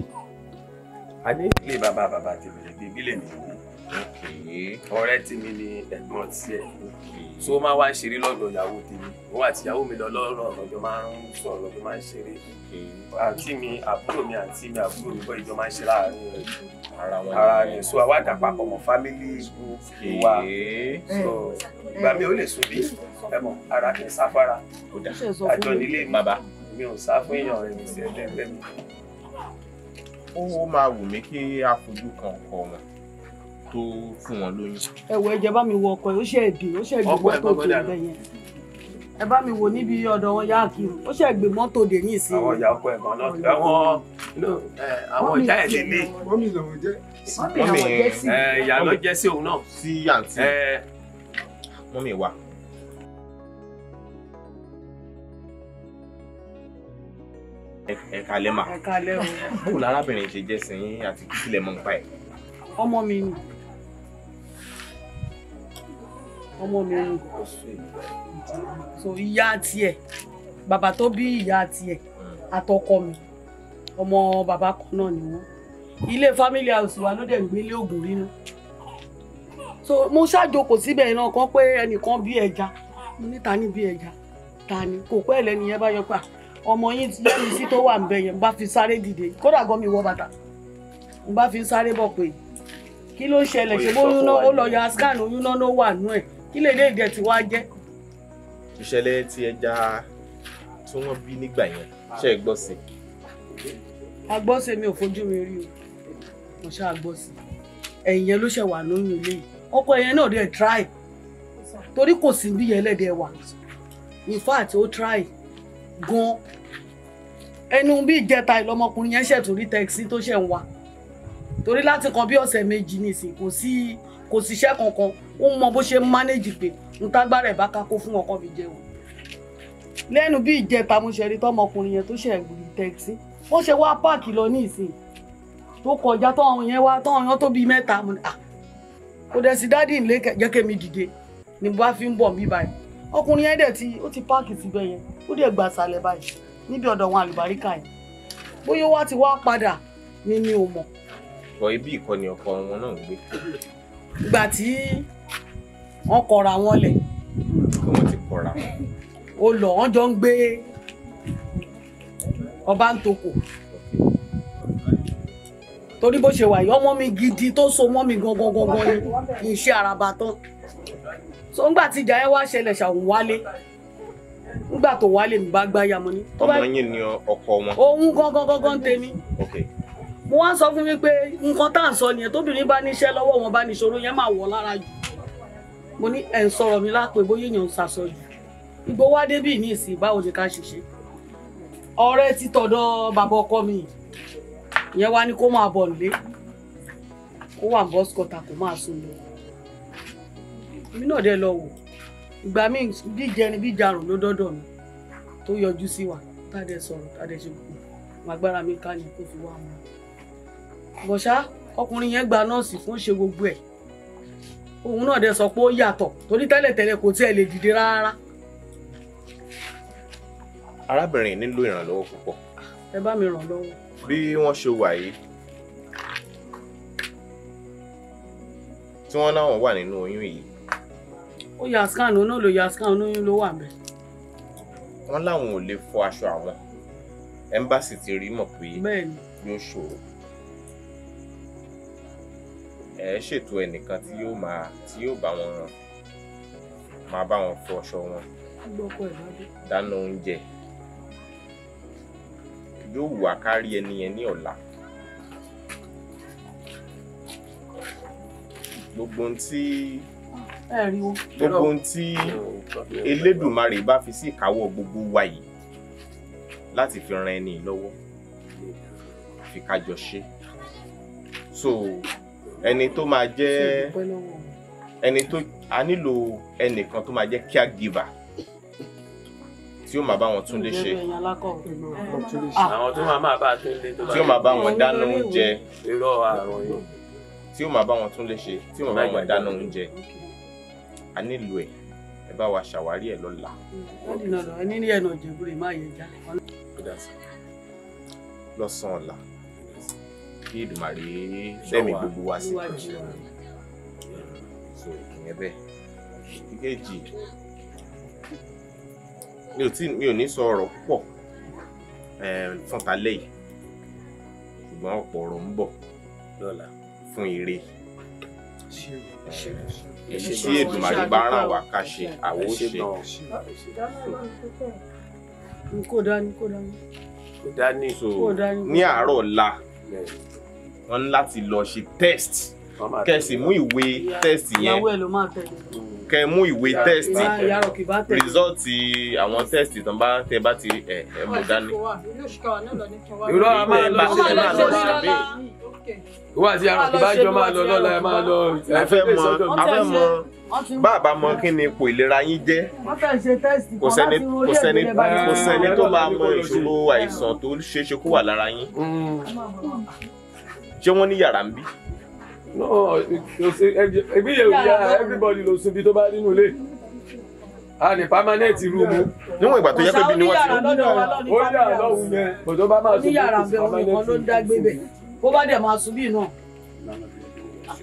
a ní ilé bàbá bàbá tèmi lè gbé ìbílẹ̀ mi ọ̀rẹ́ tèmi ni ẹ̀gbọ́n tiẹ̀ so ó máa wá ṣeré lọ́dọ̀ ìyàwó tèmi òun àti ìyàwó mi lọ lọ́rọ̀ lọ́jọ́ máa ń sọ̀rọ̀ lọ́jọ́ máa ń ṣeré àǹtí mi àbúrò mi àǹtí mi àbúrò mi bọ́ ìjọ máa ń ṣe láàárín ara rẹ̀ so àwa dà papọ̀ mọ́ fámílì wa so ìgbà mi ò lè sùn bí ẹ mọ̀ ara kì í sáfara àjọ nílé mi mi ò sá fún èèyàn rẹ̀ mi sí ẹlẹ́gbẹ́ mi. ó máa wù mí kí a fojú kan ọkọ wọn tó fún wọn lóyún. ẹ wo ẹjẹ bá mi wo ọkọ ẹ ó ṣe èdè ó ṣe èdè mọ́tò tó dé yẹn ẹ bá mi wo níbi ọ̀dọ̀ wọn yá kiri ó ṣe gbé mọ́tò dé ní ìsìn. àwọn ìyá ọkọ ẹ kan náà àwọn àwọn ìjà ẹ lè ní. wọ́n mi làwọn jẹ́ sí. wọ́n mi ìyá ló jẹ́ sí òun náà. sí àǹtí. wọ́n mi wà. ẹ kalẹ ma bóun lárábìnrin ṣe jẹ sẹyìn àti kíkílẹ mọ nípa ẹ. ọmọ mi ni ọmọ mi ni so ìyá tiẹ̀ bàbá tó bí ìyá tiẹ̀ àtọkọ mi ọmọ bàbá kan náà ni wọ́n ilé family house wa ló dẹ̀ ń gbélé ògùn rínú so mo ṣàjòkò síbẹ̀ náà kan pé ẹnìkan bí ẹja mo ní ta ni bí ẹja ta ni kò pẹ́ lẹ́nu yẹn bá yọ pé ọmọ yín lẹ́yìn sí tó wà ń bẹ yẹn bá fi sáré dìde kódà gan mi wọ bàtà n bá fi sáré bọ̀ pé kí ló ṣẹlẹ̀ ṣe bóyún náà ó lọ ya scan oyún náà ló wà nú ẹ̀ kí lè dé ìdẹ tí wàá jẹ. ìṣẹ̀lẹ̀ tí ẹja tí wọ́n bí nígbà yẹn ṣe é gbọ́ sí. agbọ́sẹ̀ mi ò fojú mi rí o mo ṣáà gbọ́ sí ẹ̀yìn yẹn ló ṣe wà lóyún ilé yìí ọkọ yẹn náà dẹ̀ try torí kò sí bí yẹn lẹ́dẹ̀ẹ́ wà in fact ó try gan ẹnu bí ìjẹta ìlọmọkùnrin yẹn ṣẹ̀ torí tẹ́kisì tó ṣẹ̀ ń wa torí láti kan bí ọ̀sẹ̀ méjì nìsín kò sí kò síṣẹ́ kankan ó mọ bó ṣe manage pé n tágbára ẹ̀ bá kakó fún ọkọ mi jẹun lẹ́nu bí ìjẹta mo ṣe rí tọmọkùnrin yẹn tó ṣe ẹ̀gbìn tẹ́ksì wọ́n ṣe wá páàkì lọ ní ìsìn tó kọjá tọ́hún yẹn wá tọ́hún yẹn tó bíi mẹ́ta mo ní à ah, kò dẹ̀ sí dádì ìlé jẹ́ kí mi dìde ni bá fi ń bọ̀ mí báyìí ọkùnrin yẹn dẹ̀ ti ó ti páàkì síbẹ̀ yẹn ó dẹ̀ gbà sálẹ̀ báyìí níbi ọ̀dọ̀ wọn àlùbáríkà yẹn bóyá wá ti wá padà ni mi ò mọ̀. ọ̀ ibi ìkọ́ni ọkọ wọn náà ń gbé ìgbà tí wọ́n kọra wọn lẹ̀. wọ́n ti kọra wọn. ó lọ wọ́n jọ ń gbé ọba ń toko torí bó ṣe wà yìí ọmọ mi gidi tó so mọ́ mi gangan gangan ni iṣẹ́ araba tán so ńgbà tí ìjà yẹn wá ṣẹlẹ̀ ṣàwọn wálé ńgbà tó wálé mi bá gbáyà mọ́ ni. ọmọ yín ni ọkọ wọn. òun gangan gangan tèmi. okay mo wá sọ fún mi pé nǹkan tá à ń sọ nìyẹn tóbìnrin bá níṣẹ́ lọ́wọ́ wọn bá níṣòro yẹn máa wọ̀ lára jù mo ní ẹ̀ ń sọ̀rọ̀ mi lápè bóyá èèyàn ń sàsọ jù igbó wá débì ní ìsìn báwo ni ká ṣe ṣe ọ̀rẹ́ ti tọ̀dọ̀ bàbá ọkọ mi ìyẹn wá ní kó máa bọ̀ nílé kó wà bọ́ skọta kó máa sùn lọ èmi náà dé lọ wò ìgbà míì bí jẹrin bí jarùn ló dọ́dọ̀ mi tó yọjú sí wa tá a dẹ̀ sọ̀rọ̀ tá a dẹ̀ ṣe gbogbo àgbára mi ká ní kó fi wá mọ́ bọ̀ṣá ọkùnrin yẹn gba nọ́ọ̀sì fún ṣe gbogbo ẹ̀ òun náà dẹ sọ pé ó yàtọ̀ torí tẹ́lẹ̀tẹ́lẹ̀ kò tiẹ̀ lè dìde rárá. arábìnrin nílò ìrànlọ́wọ́ púpọ̀. ẹ bá mi ràn lọ́wọ́. bí wọ́n ṣe wà yìí tí wọ́n láwọn wà nínú oyún yìí. ó yà scan oná ló yà scan olóyún ló wà mẹ́. wọ́n láwọn ò lè fọ aṣọ àwọn ẹ́mbáàsì ti rí mọ̀ pé yóò ṣòro ẹ ṣètò ẹnìkan tí yóò máa tí yóò bá wọn máa bá wọn fọṣọ wọn dáná oúnjẹ yóò wà kárí ẹni yẹn ní ọ̀la gbogbo ohun tí gbogbo ohun tí Elédùmarè bá fi sí ìkáwọ́ gbogbo wa yìí láti fi ran ẹni lọ́wọ́ fi kájọ ṣe so ẹni tó máa jẹ́ ẹni tó a nílò ẹnìkan tó máa jẹ́ caregiver tí ó máa bá wọn tún lé ṣe ah. àwọn tó máa máa bá tún lé tó tí ó máa bá wọn dáná oúnjẹ tí ó máa bá wọn tún lé ṣe tí ó máa bá wọn dáná oúnjẹ a nílò ẹ ẹ bá wa ṣàwárí ẹ lọ́la. ẹni ní ẹnu ọ̀jẹ̀bùrẹ̀ máa yẹ já. lọ́sàn-án ọ̀la kí Èdùmàrè fẹ̀mí gbogbo wa sí so ìyẹn bẹ́ẹ̀ ìkejì mi ò tí mi ò ní sọ ọ̀rọ̀ púpọ̀ eh, fún talẹ́ yìí ṣùgbọ́n ọ̀pọ̀ ọ̀rọ̀ ń bọ̀ lọ́la fún ire èyí eh, tí Èdùmàrè bá ràn wá ká ṣe àwo ṣe. kò dání kò dání. kò dání ní àárọ̀ ọ̀la wọ́n ní láti lọ ṣe test kẹ́ sì mú ìwé test yẹn kẹ́ mú ìwé test result àwọn test tán bá tẹ́ bá ti ẹ mú dání. irọ́ a máa lọ sí ẹ máa lọ sí àbí ìwọ àti àrùn kì bá jọ máa lọ lọ́la ẹ máa lọ ìfẹ́ mọ afẹ́ mọ bàbá mọ kí ni ipò ìlera yín jẹ́ kò sẹ́ni kò sẹ́ni tó máa mọ ìṣòro àìsàn tó ṣeéṣe kó wà lára yín. Mm ṣé wọ́n ní yàrá ń bí. no ìgbéyàwó yàrá everybody ló sùn bí tó bá nínú ilé a ní permanent rúmù. níwọ̀n ìgbà tó yẹ pé bí ni wọ́n ti ń bọ̀ ó yà lọ́hùn yẹn kò tó bá máa sùn bí yàrá bẹ́ẹ̀ òun nìkan ló ń dá gbé bẹ̀ bó bá dẹ̀ máa sùn bí náà.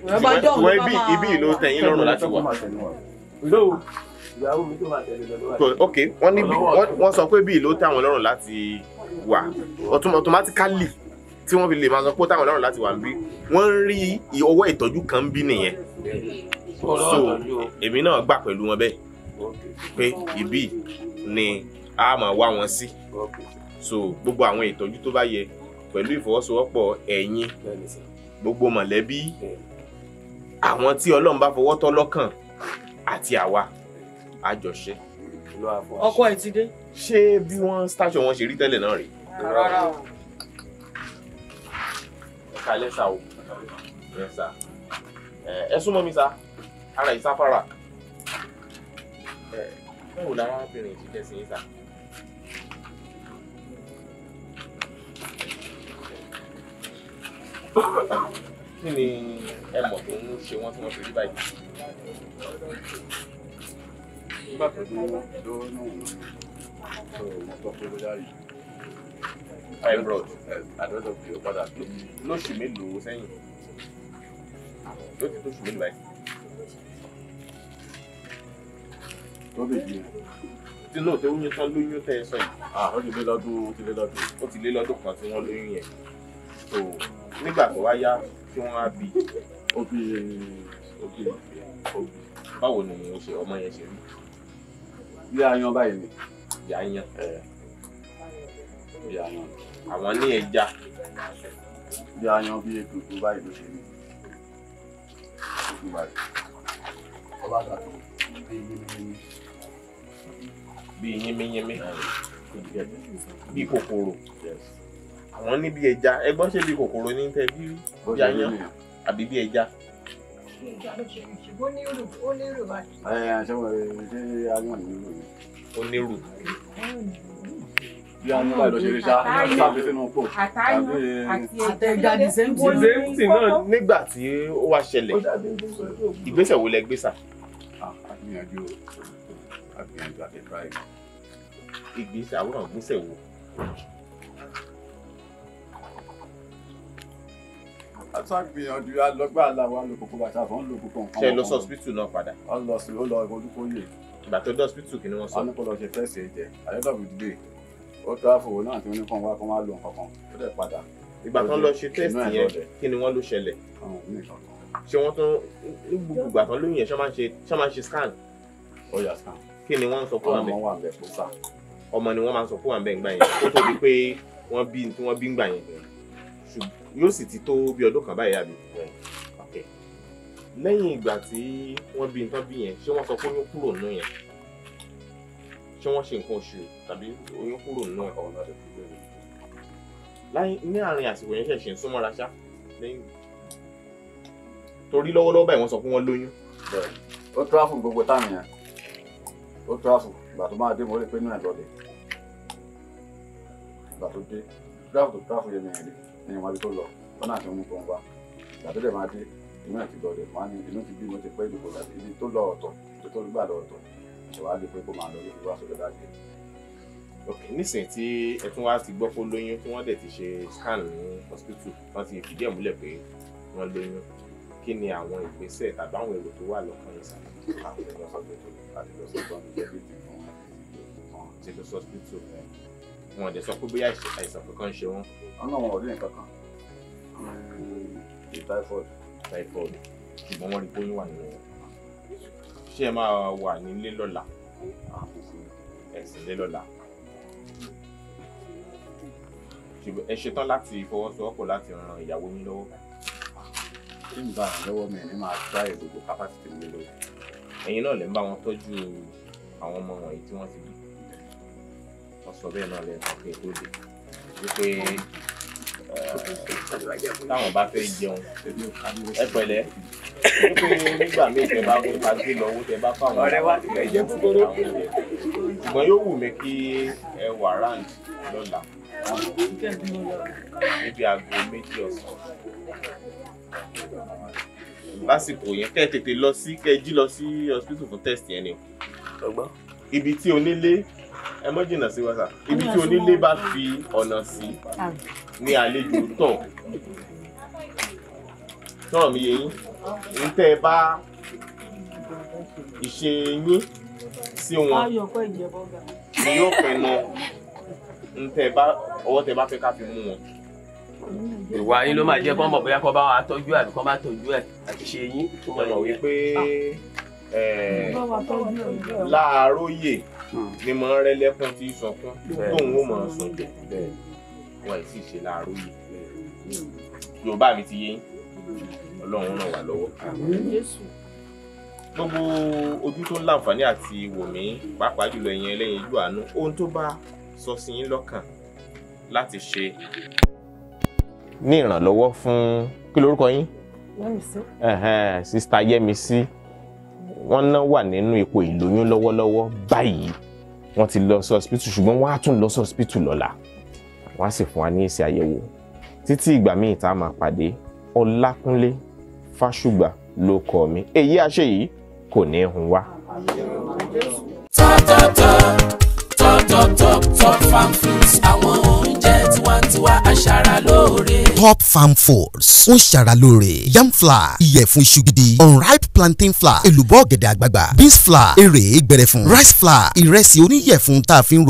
ṣùgbọ́n ibi ibi ìlú tẹ̀yìn lọ́rùn láti wà. ok wọ́n sọ pé bí ìlú tẹ̀yìn lọ́rùn láti wà automatically tí wọ́n fi lè máa sọ pé táwọn ọlọ́run láti wà ń bí wọ́n ń rí ọwọ́ ìtọ́jú kan bí nìyẹn so èmi náà gbà pẹ̀lú wọn bẹ́ẹ̀ pé ibi ni a máa wá wọn sí so gbogbo àwọn ìtọ́jú tó bá yẹ pẹ̀lú ìfọwọ́sowọ́pọ̀ ẹ̀yin gbogbo mọ̀lẹ́bí àwọn tí ọlọ́run bá fọwọ́ tọ́ lọ́kàn àti àwa àjọṣe. ọkọ ẹ ti dé. ṣé bí wọ́n stáṣọ wọn ṣe rí tẹ́lẹ̀ náà rèé. rárá o kalẹ̀ sá o ẹ sá ẹ súnmọ́ mi sá ara ìsáfárà ẹ báwo la arábìnrin ti jẹ́ sí yín sá. kí ni ẹ mọ̀ tó ń ṣe wọ́n tí wọ́n fi rí báyìí. nígbà tó dé lọ́wọ́ náà mo sọ pé ó yá yìí fibroid àdọ́dọ̀ fi padà lóṣù mélòó sẹ́yìn lóṣù tóṣù mélòó báyìí. lọ́bẹ̀ yìí tí náà tẹ́ oyún tán lóyún tẹ́ ẹ sọ yìí. ó ti lé lọ́dún ó ti lé lọ́dún. ó ti lé lọ́dún kan tí wọ́n lóyún yẹn so nígbà tó wáyá tí wọ́n á bí. ó bí ó bí ó bí. báwo ni o ṣe ọmọ yẹn ṣe rí. ilé ayan báyìí ni. ìyá yan bí ayan àwọn ní ẹja bí ayan bí ètò tó báyìí ló ṣe rí ọba àtàtò bí yínmíyínmí bí yínmíyínmí bí kòkòrò àwọn ní bí ẹja ẹgbọ́n ṣe bí kòkòrò ní tẹ bí bí ayan àbí bí ẹja ó nírù ó nírù báyìí. ẹ ẹ ṣé ṣe ayan nírù ni. ó nírù bí não ní báyìí lọ ṣe lè ṣá sáfi sínú pò tàbí àtẹjáde sẹ́ńtì náà nígbà tí ó wá ṣẹlẹ̀ ìgbésẹ̀ wo lẹ gbé sà. àgbìyànjú àgbìyànjú àtẹ̀tà yìí. ìgbésẹ̀ àwọn àgbésẹ̀ wo. àtàgbìyànjú alọgbà aláwa o bàtà fún lókòkò nǹkan. ṣe lọ sọ́sibítù náà padà. ó lọ sí ó lọ olùkóyè. ìgbà tó dọ́sibítù kí ni wọ́n sọ. wọn ní kó lọ ṣe fẹ́ẹ̀sì ẹ̀jẹ̀ àyọ̀dọ̀ bìdìdè ó tráfù òun náà tí wọ́n ní kàn wá kó má lò nǹkan kan ó dẹ̀ padà. ìgbà tán lọ ṣe test yẹn kí ni wọ́n ló ṣẹlẹ̀ ṣé wọ́n tún ní gbogbo ìgbà tán lóyún yẹn ṣé máa ń ṣe scan. ó yá scan. kí ni wọ́n ń sọ fún àmì ọmọ ni wọ́n máa ń sọ fún àmì ìgbà yẹn kó tó di pé wọ́n bí tí wọ́n bí ń gbà yẹn yóò sì ti tó bí ọdún kan báyìí àbí lẹ́yìn ìgbà tí wọ́n bí nǹkan bí yẹn ṣé wọ́n sọ pé ó kúrò nù yẹn ṣé wọ́n ṣe nǹkan oṣù tàbí oyún kúrò nínú ẹ̀. ọ̀nà àti ìpínlẹ̀ rẹ̀. láyé ní àárín àsìkò yẹn ṣẹ̀ṣẹ̀ ń súnmọ́ra ṣá lẹ́yìn torí lọ́wọ́lọ́wọ́ báyìí wọ́n sọ pé wọ́n lóyún. ó tráfù gbogbo táwọn yẹn ó tráfù ìgbà tó máa dé mo pé náà lọ́dẹ ìgbà tó dé tráfù tó tráfù yẹn ní ìwádìí tó lọ lọ́nà àti ohun tó ń ìgbà tó dẹ̀ máa dé inú ẹ̀ ti lọ́dẹ wọn á ní inú ti bí mo ti pẹ́ ìdìbò láti ibi tó lọ ọ̀tọ̀ ibi tó gbà lọ ọ̀tọ̀ wàá lè pé kó máa lọ lórí wá sọ́dọ̀ dájú ok nísìnyí tí ẹ tún wá ti gbọ́ pé lóyún tí wọ́n dẹ̀ ti ṣe scan ní hospital wọ́n ti fìdí ẹ̀ múlẹ̀ pé wọ́n lóyún kí ni àwọn ìgbésẹ̀ tàbí àwọn èrò tó wà lọ́kàn yín sáré àwọn ẹ̀rọ sọ́gbẹ́tò àti lọ́sọ̀gbọ́n mi jẹ́ bíi tìfún ti lọ sọ́spítù wọn dẹ̀ sọ pé bóyá àìsàn kankan ṣe wọn. ọ̀nà wọn ò ní nǹkan kan ní typhoid. typhoid ṣùgbọ́n wọ́n rí bóyá wà nínú wọn ṣé ẹ máa wà nílé lọ́la ẹ̀sìn lé lọ́la ṣùgbọ́n ẹ ṣetán láti fọwọ́sowọ́pọ̀ láti ran ìyàwó yín lọ́wọ́. tí n bá lọ́wọ́ mi ni máa try gbogbo capacity mi lò. ẹ̀yin náà lè ń bá wọn tọ́jú àwọn ọmọ wọ̀nyí tí wọ́n ti bí wọ́n sọ bẹ́ẹ̀ náà lẹ́ẹ̀kan pé tó dé wípé táwọn bá fẹ́ jẹun ẹ pẹ̀lẹ́ pé nígbà míì tẹ bá wọ́n pajú lọ owó tẹ bá fáwọn ọ̀rẹ́ wa ẹ jẹ́ kúkúrú ṣùgbọ́n yóò wù mí kí ẹ wà round lọ́la níbi aago méjì ọ̀sán lásìkò yẹn kẹ́ ẹ tètè lọ sí kẹ́ ẹ jí lọ sí hospital fún test yẹn ni o ibi tí onílé ẹ mọ́ jìnnà sí wa sà ibi tí onílé bá fi ọ̀nà sí ah. ní àlejò tọ̀ tọ̀ mi yẹn ń tẹ́ ẹ bá ìṣe yín sí wọn ni yóò pinnu ń tẹ́ ẹ bá ọwọ́ tẹ́ ẹ bá fẹ́ ká fi mú wọn ìwà yín ló máa jẹ kọ́ mọ̀ bóyá kọ́ bá wa tọ́jú àbí kọ́ bá tọ́jú ẹ̀ àti yín. mo mọ̀ wípé ah. eh, láàárọ̀ yè ní hmm. máa ń rẹ́lẹ́kún tí ń sọkún tóun ó máa sùn jù wọn ì sì ṣe láàárọ̀ yìí yorùbá mi ti yé yín ọlọ́run ràn wá lọ́wọ́ gbogbo ojú tó ń láǹfààní àti wòmí pàápàá jùlọ ẹ̀yin ẹlẹ́yin ojú àánú ohun tó bá sọ sí yín lọ́kàn láti ṣe ní ìrànlọ́wọ́ fún kí lorúkọ yín sista Yẹ́misí wọ́n náà wà nínú ipò ìlóyún lọ́wọ́lọ́wọ́ báyìí wọ́n ti lọ sí ọsibítù ṣùgbọ́n wọ́n á tún lọ sí ọsibítù lọ́la wọ́n á sì fún wa ní èsì àyẹ̀wò títí ìgbà míì tá a máa pàdé ọlákúnlé fásùgbà ló kọ mi èyí àṣẹ yìí kò ní í hun wá. tọ́tọ̀tọ̀ tọ́tọ̀tọ̀ top farm fruits àwọn ohun tiwantiwa aṣara top farm foods ń ṣara yam flour ìyẹ̀fun iṣu gidi unripe plantain flour èlùbọ́ ọ̀gẹ̀dẹ̀ àgbagbà beans flour èrè gbẹrẹfun rice flour ìrẹsì oníyẹ̀fun tá a fi ń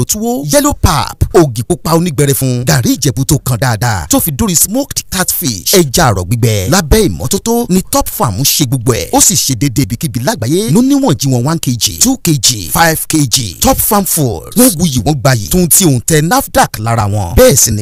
yellow pap ògì pupa onígbẹrẹfun gàrí ìjẹ̀bú tó kàn dáadáa tó fi dórí smoked catfish ẹja àrọ̀ gbígbẹ lábẹ́ ìmọ́tótó ni top farm ń ṣe gbogbo ẹ̀ ó sì ṣe déédéé ibikíbi lágbàáyé ló níwọ̀n jí wọn one kg two kg five kg top farm foods wọ́n wuyì wọ́n gbayì tuntun tí òun tẹ nafdac lára wọn bẹ́ẹ̀ sì ni